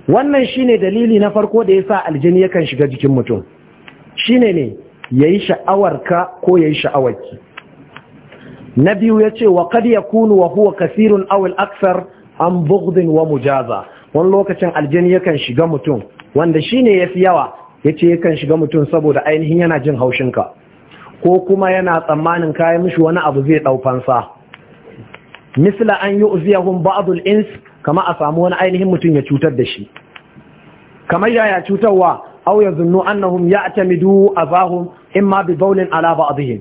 wannan shi ne dalili na farko da ya sa aljini yakan shiga jikin mutum Shi ne ya yi sha'awarka ko ya yayi ki? na biyu ya ce wa ya kunu wa huwa kasirun Awul Aksar an bugdin wa mujaza wani lokacin aljini yakan shiga mutum wanda shi ne ya fi yawa ya yace yakan shiga mutum saboda ainihin yana jin haushin ka. ko kuma yana tsammanin kayan mishi wani abu zai ɗaufansa misla an yi uziyahun ba'adul ins kama a samu wani ainihin mutum ya cutar da shi kamar yaya cutarwa aw yazunnu annahum ya'tamidu azahum imma bi bawlin ala ba'dihim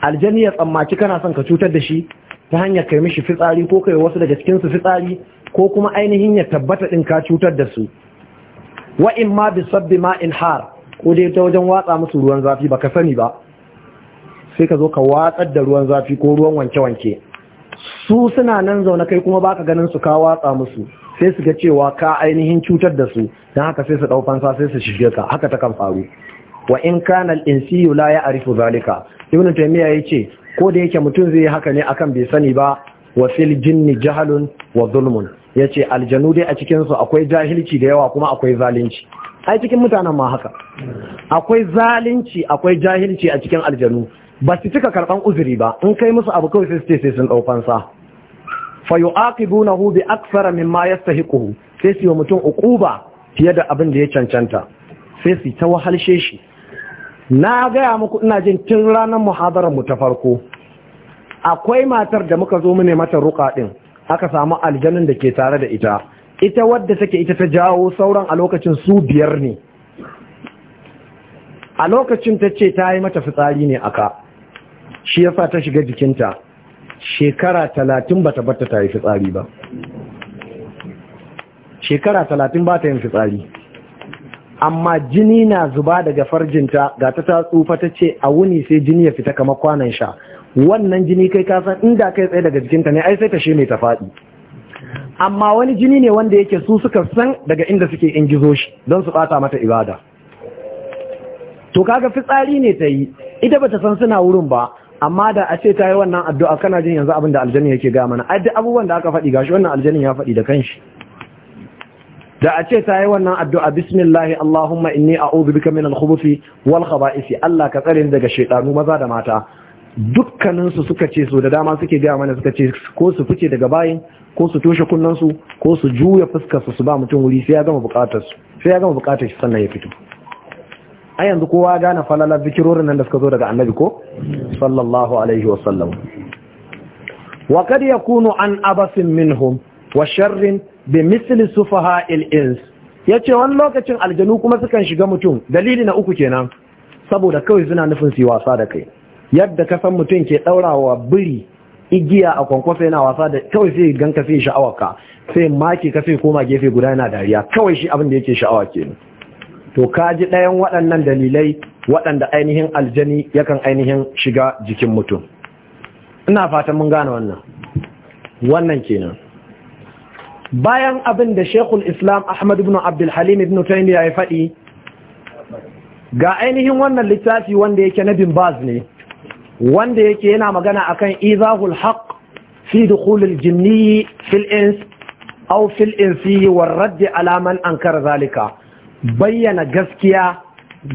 aljani ya tsammaci kana son ka cutar da shi ta hanyar kai mishi fitsari ko kai wasu daga cikin su fitsari ko kuma ainihin ya tabbata din ka cutar da su wa imma bi sabbi ma'in har ko dai ta wajen watsa musu ruwan zafi baka sani ba sai ka zo ka watsar da ruwan zafi ko ruwan wanke-wanke su suna nan zaune kai kuma baka ganin su ka watsa musu sai su ga cewa ka ainihin cutar da su don haka sai su fansa sai su shige ka haka ta kan faru wa in kana al-insiyu la arifu zalika ibnu taymiya yace ko da yake mutum zai yi haka ne akan bai sani ba wa fil jinni jahalun wa zulmun yace aljanu dai a cikinsu su akwai jahilci da yawa kuma akwai zalunci ai cikin mutanen ma haka akwai zalunci akwai jahilci a cikin aljanu ba su cika karɓan uzuri ba in kai musu abu kawai sai su ce sai sun fansa fa yu'aqibunahu bi aksara mimma yastahiquhu sai su yi mutum uquba fiye da abin da ya cancanta sai su ta wahalshe shi na gaya muku ina jin tun ranar muhadarar mu ta farko akwai matar da muka zo mu ne mata ruka din aka samu aljanun da ke tare da ita ita wadda take ita ta jawo sauran a lokacin su biyar ne a lokacin ta ce ta yi mata fitsari ne aka shi yasa ta shiga jikinta shekara talatin bata batta ta yi fitsari ba shekara talatin ba ta yin fitsari amma jini na zuba daga farjinta ga ta ta tsufa ta ce a wuni sai jini ya fita kama kwanan sha wannan jini kai kasan inda kai tsaye daga jikinta ne ai sai ta mai ta faɗi amma wani jini ne wanda yake su suka san daga inda suke in gizo shi don su ɓata mata ibada to kaga fitsari ne ta yi ita bata san suna wurin ba amma da a ce ta yi wannan addu'a kana jin yanzu abin da aljani yake gama mana addu abubuwan da aka faɗi gashi wannan aljani ya faɗi da kanshi da a ce ta yi wannan addu'a bismillahi Allahumma inni obi bika min al-khubuthi wal khaba'isi Allah ka tsare ni daga shekaru maza da mata dukkanin su suka ce so da dama suke gama mana suka ce ko su fice daga bayin ko su toshe kunnen ko su juya fuskarsu su ba mutum wuri sai ya gama bukatar su sai ya gama bukatarsu sannan ya fito a yanzu kowa gane falala zikirorin nan da suka zo daga annabi ko sallallahu alaihi wasallam wa kad yakunu an abasin minhum wa sharrin bi misli sufaha il ins yace wani lokacin aljanu kuma sukan shiga mutum dalili na uku kenan saboda kawai suna nufin su wasa da kai yadda ka san mutum ke daurawa biri igiya a kwankwasa yana wasa da kawai sai ganka sai sha'awarka sai maki ka sai koma gefe guda yana dariya kawai shi abin da yake sha'awa kenan to ka ji ɗayan waɗannan dalilai waɗanda ainihin aljani yakan ainihin shiga jikin mutum ina fatan mun gane wannan wannan kenan bayan abin da shekul islam ahmad ibn abdulhalim ibn taini ya yi faɗi ga ainihin wannan littafi wanda yake na bin baz ne wanda yake yana magana a kan izahul Haq fi دخول الجني fil'ins au fil'insi في الإنسي والرد على من zalika. bayyana gaskiya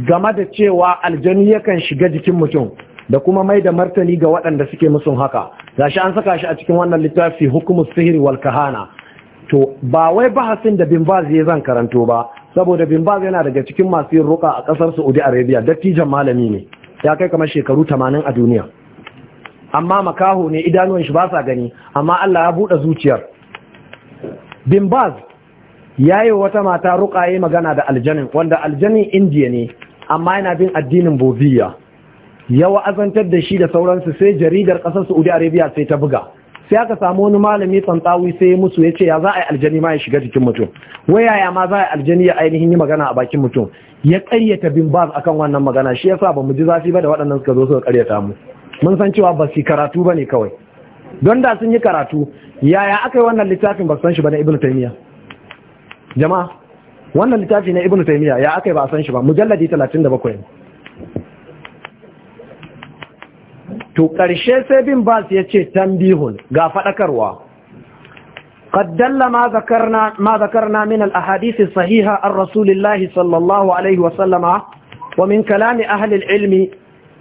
game da cewa aljanu yakan shiga jikin mutum da kuma mai da martani ga waɗanda suke musun haka shi an saka shi a cikin wannan littafi hukumus sihiri wal kahana to ba wai bahasin da bin baz ya zan karanto ba saboda bin baz yana daga cikin masu yin ruka a ƙasar saudi arabia dattijan malami ne ya kai kamar shekaru tamanin a duniya amma makaho ne idanuwan shi ba sa gani amma allah ya buɗe zuciyar bin baz Ya yi wata mata ruqaye magana da aljanin wanda aljanin indiya ne amma yana bin addinin bobiya ya wa'azantar da shi da sauransu sai jaridar ƙasar saudi arabia sai ta buga sai aka samu wani malami tsantsawi sai ya musu ya ce ya za a yi aljani ma ya shiga jikin mutum wai yaya ma za a yi aljani ya ainihin yi magana a bakin mutum ya karyata bin baz akan wannan magana shi yasa ba mu ji zafi ba da waɗannan suka zo suka karyata mu mun san cewa ba su karatu ba ne kawai don da sun yi karatu yaya aka yi wannan littafin ba su san shi ba na ibn taymiya jama'a wannan littafin na ibnu taymiya ya aka ba a san shi ba mujalladi 37 to karshe sai bin bas yace tambihun, ga fadakarwa qad dalla ma zakarna min al ahadith sahiha an rasulillahi sallallahu alayhi wa sallama wa min kalam ahli al ilmi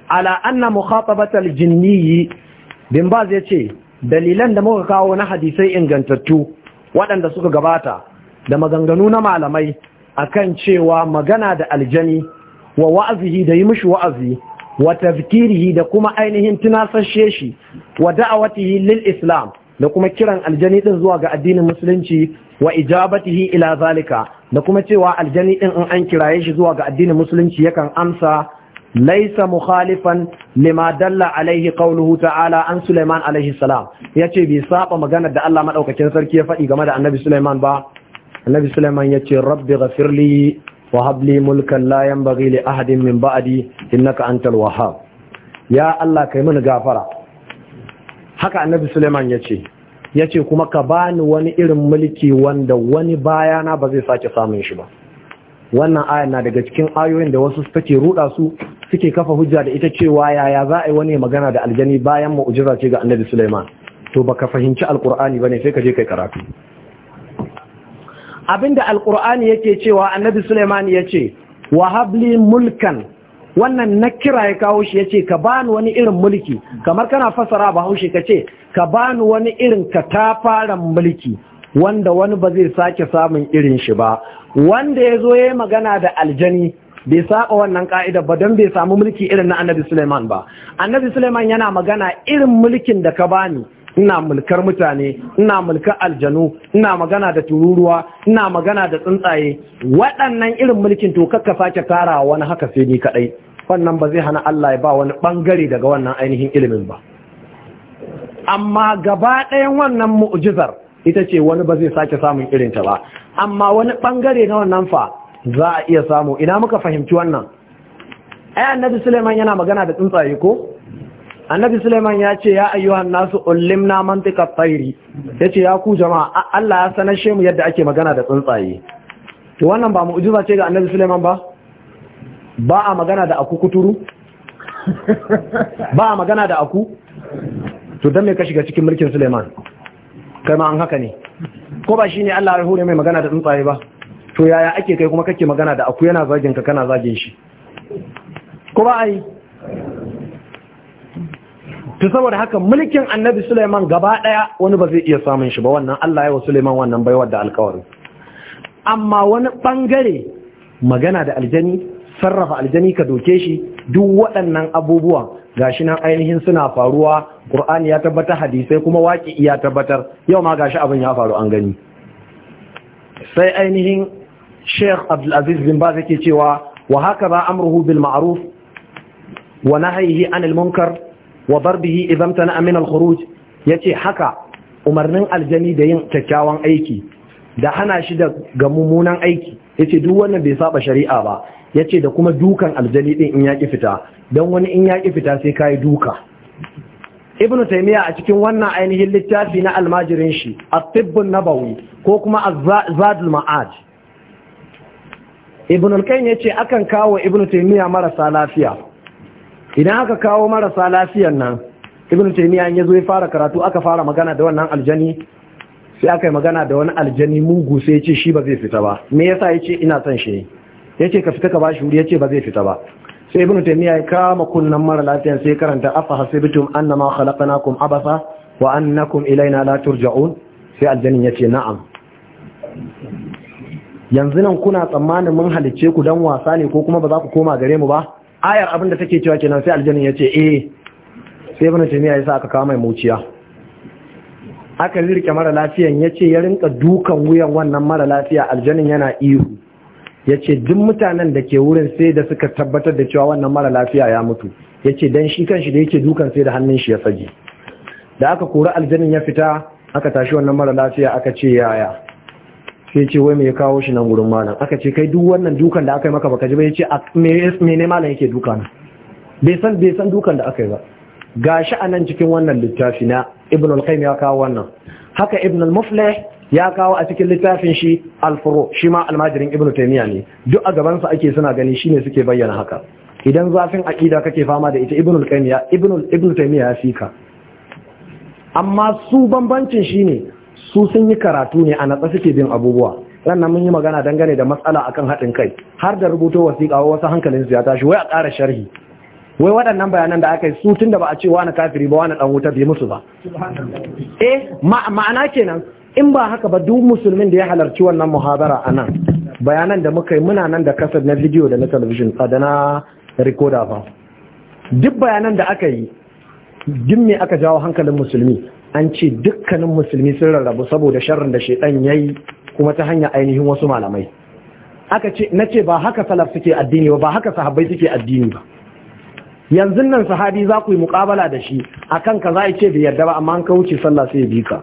ala anna mukhatabata al jinni bin bas yace dalilan da muka kawo na hadisai ingantattu waɗanda suka gabata da maganganu na malamai akan cewa magana da aljani wa wa'azihi da yi mishi wa'azi wa tazkirihi da kuma ainihin tunasashe shi wa da'awatihi lil islam da kuma kiran aljani din zuwa ga addinin musulunci wa ijabatihi ila zalika da kuma cewa aljani din in an kiraye shi zuwa ga addinin musulunci yakan amsa laisa mukhalifan lima dalla alaihi qawluhu ta'ala an Sulaiman alaihi salam yace bai saba magana da Allah madaukakin sarki ya faɗi game da Annabi Sulaiman ba annabi Suleiman ya ce rabbi ghafirli wa habli mulkan la yanbaghi li ahadin min ba'di innaka antal wahhab ya Allah kai mini gafara haka annabi Suleiman ya ce ya ce kuma ka bani wani irin mulki wanda wani bayana ba zai sake samun shi ba wannan aya na daga cikin ayoyin da wasu suke ruda su suke kafa hujja da ita cewa yaya za a yi wani magana da aljani bayan mu'jiza ce ga annabi Suleiman. to baka fahimci alqur'ani bane sai ka je kai karatu Abin da Alkur'ani yake cewa annabi Suleiman yace wa habli mulkan wannan na kira ya kawo shi ya ce, ka bani wani irin mulki kamar kana fasara bahaushe kace ka ce, ka bani wani irin katafaren mulki wanda wani ba zai sake samun irin shi ba wanda ya zo ya yi magana da aljani bai saba wannan ka'ida ba don bai samu mulki irin na annabi suleiman ba annabi suleiman yana magana irin mulkin da ka bani ina mulkar mutane ina mulkar aljanu ina magana da tururuwa ina magana da tsuntsaye waɗannan irin mulkin to kakka sake tara wani haka sai ni kaɗai wannan ba zai hana Allah ya ba wani ɓangare daga wannan ainihin ilimin ba amma gaba ɗayan wannan mu'jizar ita ce wani ba zai sake samun irin ta ba amma wani ɓangare na wannan fa za a iya samu ina muka fahimci wannan ai annabi Suleiman yana magana da tsuntsaye ko annabi suleiman ya ce ya ayyuhan nasu ullimna mantika tsairi ya ce ya ku jama'a Allah ya sanar shi mu yadda ake magana da tsuntsaye to wannan ba mu'jiza ce ga annabi suleiman ba ba a magana da aku kuturu ba a magana da aku to dan me ka shiga cikin mulkin suleiman kai ma an haka ne ko ba shine Allah ya hore mai magana da tsuntsaye ba to yaya ake kai kuma kake magana da aku yana zagin ka kana zagin shi ko ba ai to saboda haka mulkin annabi Sulaiman gaba ɗaya wani ba zai iya samun shi ba wannan Allah ya wa Suleiman wannan baiwar da alkawarin amma wani bangare magana da aljani sarrafa aljani ka doke shi duk waɗannan abubuwan gashi nan ainihin suna faruwa Kur'ani ya tabbatar hadisai kuma waki ya tabbatar yau ma gashi abin ya faru an gani sai ainihin Sheikh Abdulaziz bin Baz yake cewa wa haka ba amruhu bil ma'ruf wa nahyihi anil munkar wa barbihi idan tana min al-khuruj yace haka umarnin aljani da yin kyakkyawan aiki da hana shi da ga mummunan aiki yace duk wannan bai saba shari'a ba yace da kuma dukan aljani din in yaki fita dan wani in yaki fita sai kai duka ibnu taymiya a cikin wannan ainihin littafi na almajirin shi at-tibbun nabawi ko kuma az-zadul ma'ad ibnu al ya yace akan kawo ibnu taymiya marasa lafiya idan aka kawo marasa lafiyan nan ibn taymiya ya zo ya fara karatu aka fara magana da wannan aljani sai aka yi magana da wani aljani mugu sai ya ce shi ba zai fita ba me yasa ya ce ina son shi ya ce ka fita ka bashi wuri ya ce ba zai fita ba sai ibn taymiya ya kama kunnan mara lafiyan sai karanta afa hasibtum annama khalaqnakum abasa wa annakum ilaina la turja'un sai aljanin ya ce na'am yanzu nan kuna tsammanin mun halicce ku dan wasa ne ko kuma ba za ku koma gare mu ba ayar abin da take cewa kenan sai aljanin ya ce eh sai ibn taymiya ya sa aka kawo mai muciya aka rike mara lafiyan ya ce ya rinka dukan wuyan wannan mara lafiya aljanin yana ihu ya ce duk mutanen da ke wurin sai da suka tabbatar da cewa wannan mara lafiya ya mutu ya ce don shi kanshi da yake dukan sai da hannun shi ya sage da aka kori aljanin ya fita aka tashi wannan mara lafiya aka ce yaya sai ce wai me ya kawo shi nan gurin malam aka ce kai duk wannan dukan da aka yi maka baka ji ba ya ce me ne malam yake duka na bai san bai san dukan da aka yi ba Ga shi a nan cikin wannan littafi na ibn al-qayyim ya kawo wannan haka ibn al-muflih ya kawo a cikin littafin shi al-furu shi ma almajirin ibn taymiya ne duk a gaban sa ake suna gani shine suke bayyana haka idan zafin aqida kake fama da ita ibn al-qayyim ibn ibn taymiya ya fika amma su bambancin shine su sun yi karatu ne a natsa suke bin abubuwa sannan mun yi magana dangane da matsala akan haɗin kai har da rubuto wasiƙa wasu hankalin su ya tashi wai a ƙara sharhi wai waɗannan bayanan da aka yi su tun da ba a ce wani kafiri ba wani ɗan wuta bai musu ba eh ma'ana kenan in ba haka ba duk musulmin da ya halarci wannan muhabara a nan bayanan da muka yi muna nan da kasar na bidiyo da na talabijin da na rikoda ba duk bayanan da aka yi duk me aka jawo hankalin musulmi an ce dukkanin musulmi sun rarrabu saboda sharrin da shaidan yi kuma ta hanyar ainihin wasu malamai aka ce na ce ba haka salaf suke addini ba ba haka sahabai suke addini ba yanzu nan sahabi za ku yi mukabala da shi akan ka za a ce bai yarda ba amma an ka sallah sai bi ka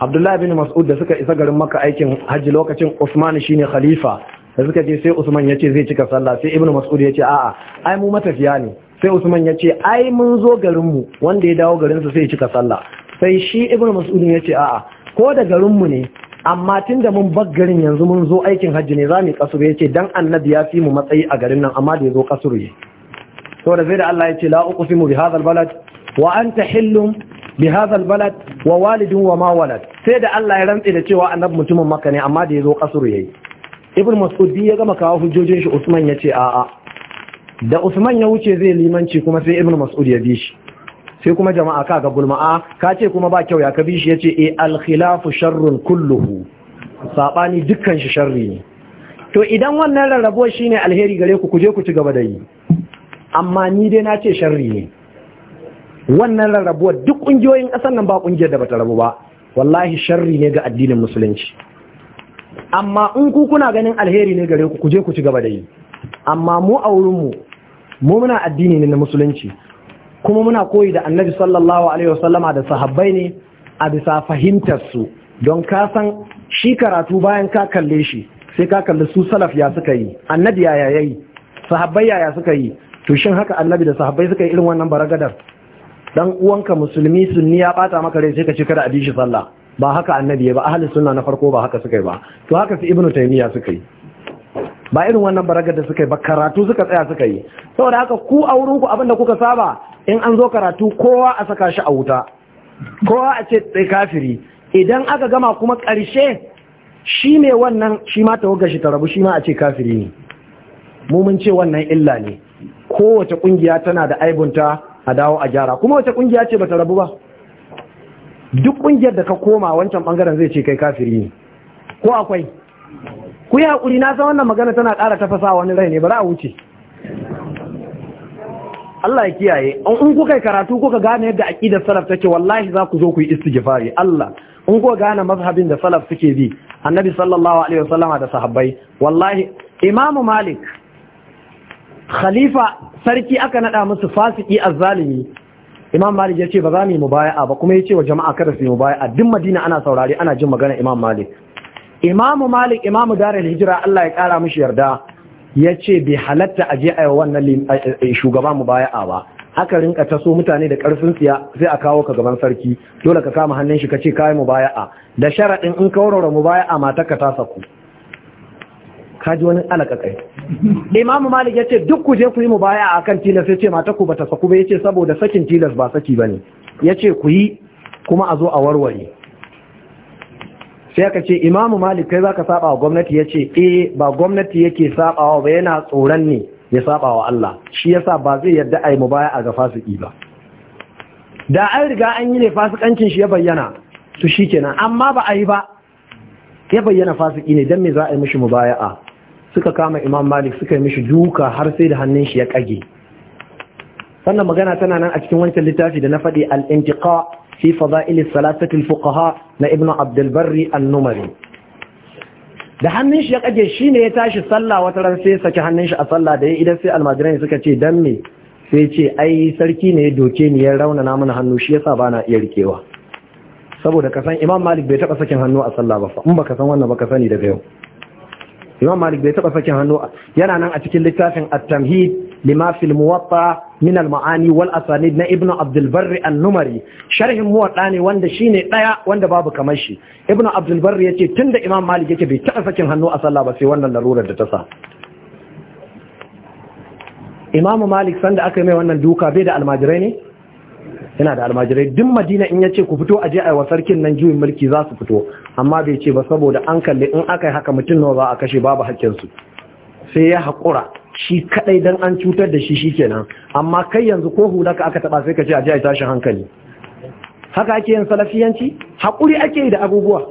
Abdullahi bin Mas'ud da suka isa garin maka aikin Hajji lokacin Usman shine khalifa da suka je sai Usman ya ce zai cika sallah sai Ibn Mas'ud ya ce a'a ai mu matafiya ne sai usman ya ce ai mun zo garinmu wanda ya dawo garinsa sai ya cika sallah sai shi ibn mas'ud ya ce a'a ko da garinmu ne amma tun da mun bar garin yanzu mun zo aikin hajji ne za mu kasuru ya ce dan annabi ya fi mu matsayi a garin nan amma da ya zo kasuru ne to da zai da Allah ya ce la uqsimu bi hadha balad wa anta hillum bi hadha albalad wa walidun wa ma walad sai da Allah ya rantse da cewa annabi mutumin Makka ne amma da ya zo kasuru yayi ibn mas'ud ya gama kawo hujjojin shi Usman ya ce a'a da Usman ya wuce zai limanci kuma sai Ibn Mas'ud ya bi shi sai kuma jama'a ka ga gulma'a ah, ka ce kuma ba kyau ya ka bi shi ce e al-khilafu sharrun kulluhu sabani dukkan shi sharri ne to idan wannan rarrabuwa shine alheri gare ku kuje ku ci gaba da yi amma ni dai na ce sharri ne wannan rarrabuwa duk kungiyoyin ƙasar nan ba kungiyar da bata rabu ba wallahi sharri ne ga addinin musulunci amma in ku kuna ganin alheri ne gare ku kuje ku ci gaba da yi amma mu a wurinmu mu muna addini ne na musulunci kuma muna koyi da annabi sallallahu alaihi wasallama da sahabbai ne a bisa fahimtar su don ka san shi karatu bayan ka kalle shi sai ka kalli su salaf ya suka yi annabi yaya yayi sahabbai yaya suka yi to shin haka annabi da sahabbai suka yi irin wannan baragadar dan uwanka musulmi sunni ya bata maka rai sai ka ci kada a bi shi sallah ba haka annabi ba ahli sunna na farko ba haka suka yi ba to haka su ibnu taymiya suka yi ba irin wannan baragar da suka yi ba karatu suka tsaya suka yi saboda haka ku a wurinku abinda kuka saba in an zo karatu kowa a saka shi a wuta kowa a ce tsaye kafiri idan aka gama kuma ƙarshe shi ne wannan shi ma ta shi ta rabu shi ma a ce kafiri ne mu mun ce wannan illa ne kowace ƙungiya tana da aibunta a dawo a gyara kuma wace ƙungiya ce bata rabu ba duk ƙungiyar da ka koma wancan bangaren zai ce kai kafiri ne ko akwai ku yi haƙuri na san wannan magana tana ƙara tafasa wani rai ne ba a wuce Allah ya kiyaye in kuka karatu kuka gane yadda aqidar salaf take wallahi za ku zo ku yi istighfari Allah in kuka gane mazhabin da salaf suke bi annabi sallallahu alaihi wasallama da sahabbai wallahi imam malik khalifa sarki aka nada musu fasiki azzalimi imam malik ya ce ba za mu yi mubaya'a ba kuma ya ce wa jama'a kada su yi mubaya'a duk madina ana saurari ana jin magana imam malik imamu malik imamu darul hijira Allah ya kara mishi yarda yace bai halatta a je ayi wannan shugaba mubaya'a ba aka rinka taso mutane da karfin siya sai a kawo ka gaban sarki dole ka kama hannun shi ka ce kai mubaya'a da sharadin in ka warware mubaya'a ka ta saku ka ji wani alaka kai imamu malik yace duk ku je ku yi mu mubaya'a akan tilas ce yace ku bata saku ba yace saboda sakin tilas ba saki bane yace ku yi kuma a zo a warware sai aka ce imamu malik kai zaka saba wa gwamnati ya ce eh ba gwamnati yake wa ba yana tsoron ne ya saba wa Allah shi yasa ba zai yarda a yi mubaya a ga fasiki ba da an riga an yi ne fasikancin shi ya bayyana to shikenan amma ba a yi ba ya bayyana fasiki ne dan me za a yi mishi mubaya'a suka kama imam malik suka yi mishi duka har sai da hannun shi ya kage sannan magana tana nan a cikin wancan littafi da na faɗi al-intiqa في فضائل الثلاثة الفقهاء لابن na ibnu النمري numari da hannun shi ya kage ne ya tashi sallah wata ran sai saki hannun shi a sallah da ya idan sai almajiran suka ce dan me sai ce ai sarki ne ya doke ni ya na mana hannu shi yasa bana iya rikewa saboda kasan imam malik bai taba sakin hannu a sallah ba fa in baka san wannan baka sani daga yau imam malik bai taba sakin hannu yana nan a cikin littafin at-tamhid lima fil muwatta ma'ani wal asanid na ibnu abdul barri an-numari sharhin muwatta ne wanda shine daya wanda babu kamar shi ibnu abdul barri yace tunda imam malik yake bai taba sakin hannu a sallah ba sai wannan larurar da ta sa imamu malik sanda aka yi mai wannan duka bai da almajirai ne yana da almajirai duk madina in ya ce ku fito aje a wa sarkin nan juyin mulki za su fito amma bai ce ba saboda an kalli in aka yi haka mutum nawa za a kashe babu hakkinsu sai ya haƙura shi kadai dan an cutar da shi shi shikenan amma kai yanzu ko hula ka aka taba sai ka ce a ji a tashi hankali haka ake yin salafiyanci hakuri ake yi da abubuwa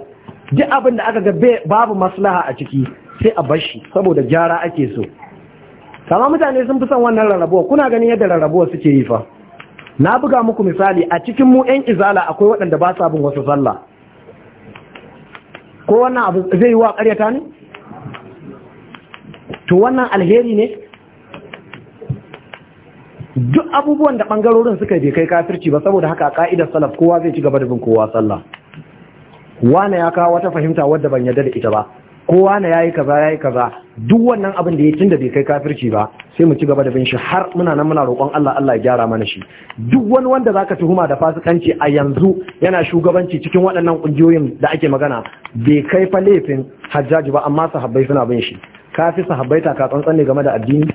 duk abin da aka ga babu maslaha a ciki sai a bashi saboda gyara ake so kama mutane sun fi son wannan rarrabuwa kuna ganin yadda rarrabuwa suke yi fa na buga muku misali a cikin mu yan izala akwai waɗanda ba sa bin wasu sallah ko wannan abu zai yi wa ƙaryata ne to wannan alheri ne duk abubuwan da bangarorin suka bai kai kafirci ba saboda haka ka'idar salaf kowa zai ci gaba da bin kowa sallah wane ya kawo wata fahimta wadda ban yarda da ita ba kowa na yayi kaza yayi kaza duk wannan abin da ya da bai kai kafirci ba sai mu ci gaba da bin shi har muna nan muna roƙon Allah Allah ya gyara mana shi duk wani wanda zaka tuhuma da fasikanci a yanzu yana shugabanci cikin waɗannan kungiyoyin da ake magana bai kai fa laifin Hajjaji ba amma sahabbai suna bin shi ka fi sahabbai ta ka tsantsan game da addini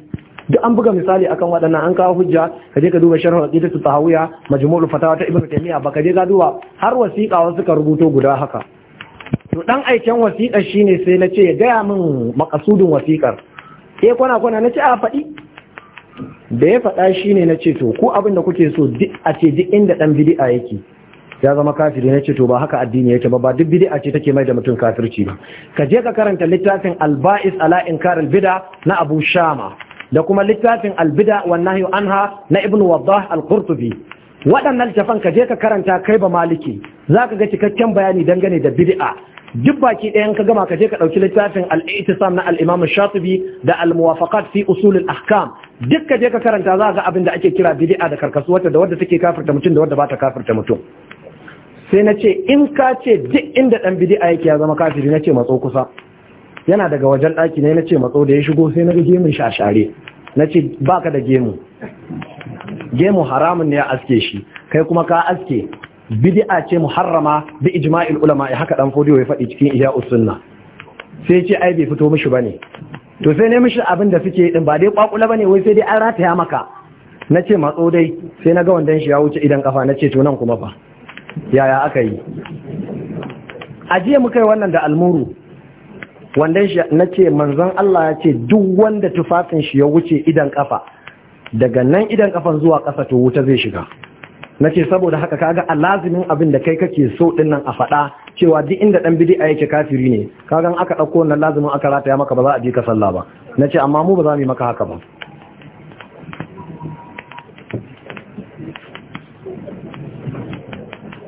duk an buga misali akan waɗannan an kawo hujja ka je ka duba sharh ta tahawiya majmu'ul fatawa ta ibnu taymiya ba ka je ka duba har wasiqa wasu ka rubuto guda haka to dan aiken wasiqa shine sai na ce ya gaya min makasudin wasiƙar eh kwana kwana na ce a faɗi da ya faɗa shine na ce to ku abin da kuke so duk a ce duk inda dan bid'a yake ya zama kafiri ne ce to ba haka addini yake ba ba duk bid'a ce take mai da mutum kafirci ba ka je ka karanta littafin al-ba'is ala inkar al-bid'a na Abu Shama da kuma littafin al-bid'a wan nahyu anha na Ibn Waddah al-Qurtubi waɗannan littafan ka je ka karanta kai ba maliki zaka ga cikakken bayani dangane da bid'a duk baki ɗaya ka gama ka je ka ɗauki littafin al-i'tisam na al-imam shatibi da al-muwafaqat fi usul al-ahkam duk ka je ka karanta za ga abin da ake kira bid'a da karkasuwarta da wadda take kafirta mutum da wadda ba ta kafirta mutum sai na ce in ka ce duk inda ɗan bidi'a yake ya zama kafiri na ce matso kusa yana daga wajen ɗaki ne na ce matso da ya shigo sai na ga gemun shi a share na ce ba ka da gemu gemu haramun ne ya aske shi kai kuma ka aske Bidi'a ce muharrama bi ijma'il ulama ya haka dan fodiyo ya faɗi cikin iya usunna. sai ce ai bai fito mishi bane to sai ne mishi abin da suke din ba dai kwakula bane wai sai dai an rataya maka na ce matso dai sai na ga wandan shi ya wuce idan kafa na ce to nan kuma fa yaya aka yi ajiye muka yi wannan da almuru wanda shi na ce manzon Allah ya ce duk wanda tufafin shi ya wuce idan kafa daga nan idan kafan zuwa kasa to wuta zai shiga na ce saboda haka kaga a lazimin abin da kai kake so din nan a faɗa cewa duk inda dan a yake kafiri ne kagan aka ɗauko wannan lazimin aka rataya maka ba za a je ka sallah ba na ce amma mu ba za mu yi maka haka ba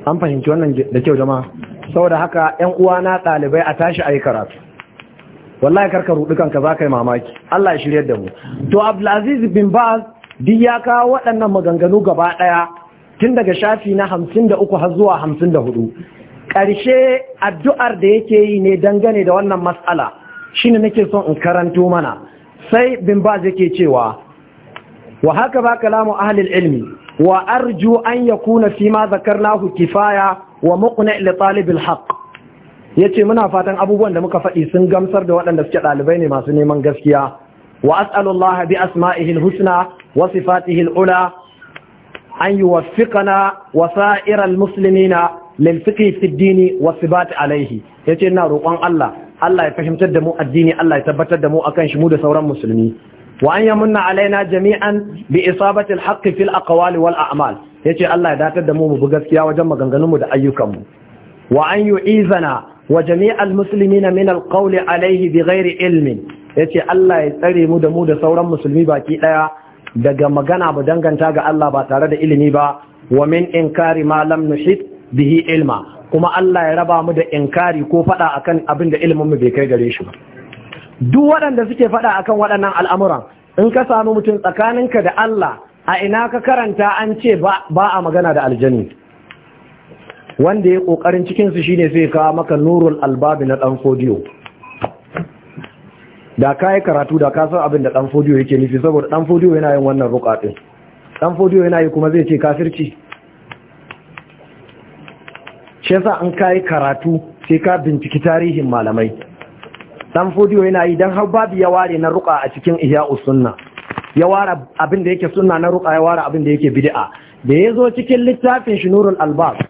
an fahimci wannan da kyau jama'a saboda haka yan uwana ɗalibai a tashi ayi karatu wallahi karka rudu kanka za ka yi mamaki Allah ya shirya da mu to Abdulaziz bin Baz duk ya kawo waɗannan maganganu gaba ɗaya tun daga shafi na hamsin da uku har zuwa hamsin da hudu ƙarshe addu'ar da yake yi ne dangane da wannan matsala shine nake son in karanto mana sai bin Baz yake cewa wa haka ba kalamu ahlil ilmi wa arju an kuna fi ma zakarnahu kifaya wa muƙuna li talibil haqq yace muna fatan abubuwan da muka faɗi sun gamsar da waɗanda suke ɗalibai ne masu neman gaskiya wa as'alullaha bi asma'ihi husna wa sifatihi al-ula an yuwaffiqana wa sa'iral muslimina Musulmina, fiqhi fi ad-din wa sibat alayhi yace ina roƙon Allah Allah ya fahimtar da mu addini Allah ya tabbatar da mu akan shi mu da sauran musulmi wa an munna alaina jami'an bi isabatil alhaq fil aqwali wal a'mal yace Allah ya datar da mu mu gaskiya wajen maganganun mu da ayyukan mu wa an yu'izana wa jami'al muslimina min alqawli alayhi gairi ilmin yace Allah ya tsare mu da mu da sauran musulmi baki daya daga magana ba danganta ga Allah ba tare da ilimi ba wa min inkari ma lam nuhit bihi ilma kuma Allah ya raba mu da inkari ko fada akan abin da ilimin mu bai kai gare shi ba duk waɗanda suke faɗa akan waɗannan al'amuran in ka sami mutum tsakaninka da Allah a ina ka karanta an ce ba a magana da aljani wanda ya ƙoƙarin cikinsu ne sai kawo maka nurul albabi na ɗan da ka yi karatu da ka san abin da ɗan yake nufi saboda ɗan yana yin wannan rukaɗin ɗan yana yi kuma zai ce kafirci shi yasa an ka yi karatu sai ka binciki tarihin malamai dan fodiyo yana yi dan har babu ya ware na ruka a cikin ihya'us sunna ya ware abin da yake sunna na ruka ya ware abin da yake bid'a da yazo cikin littafin shinurul albab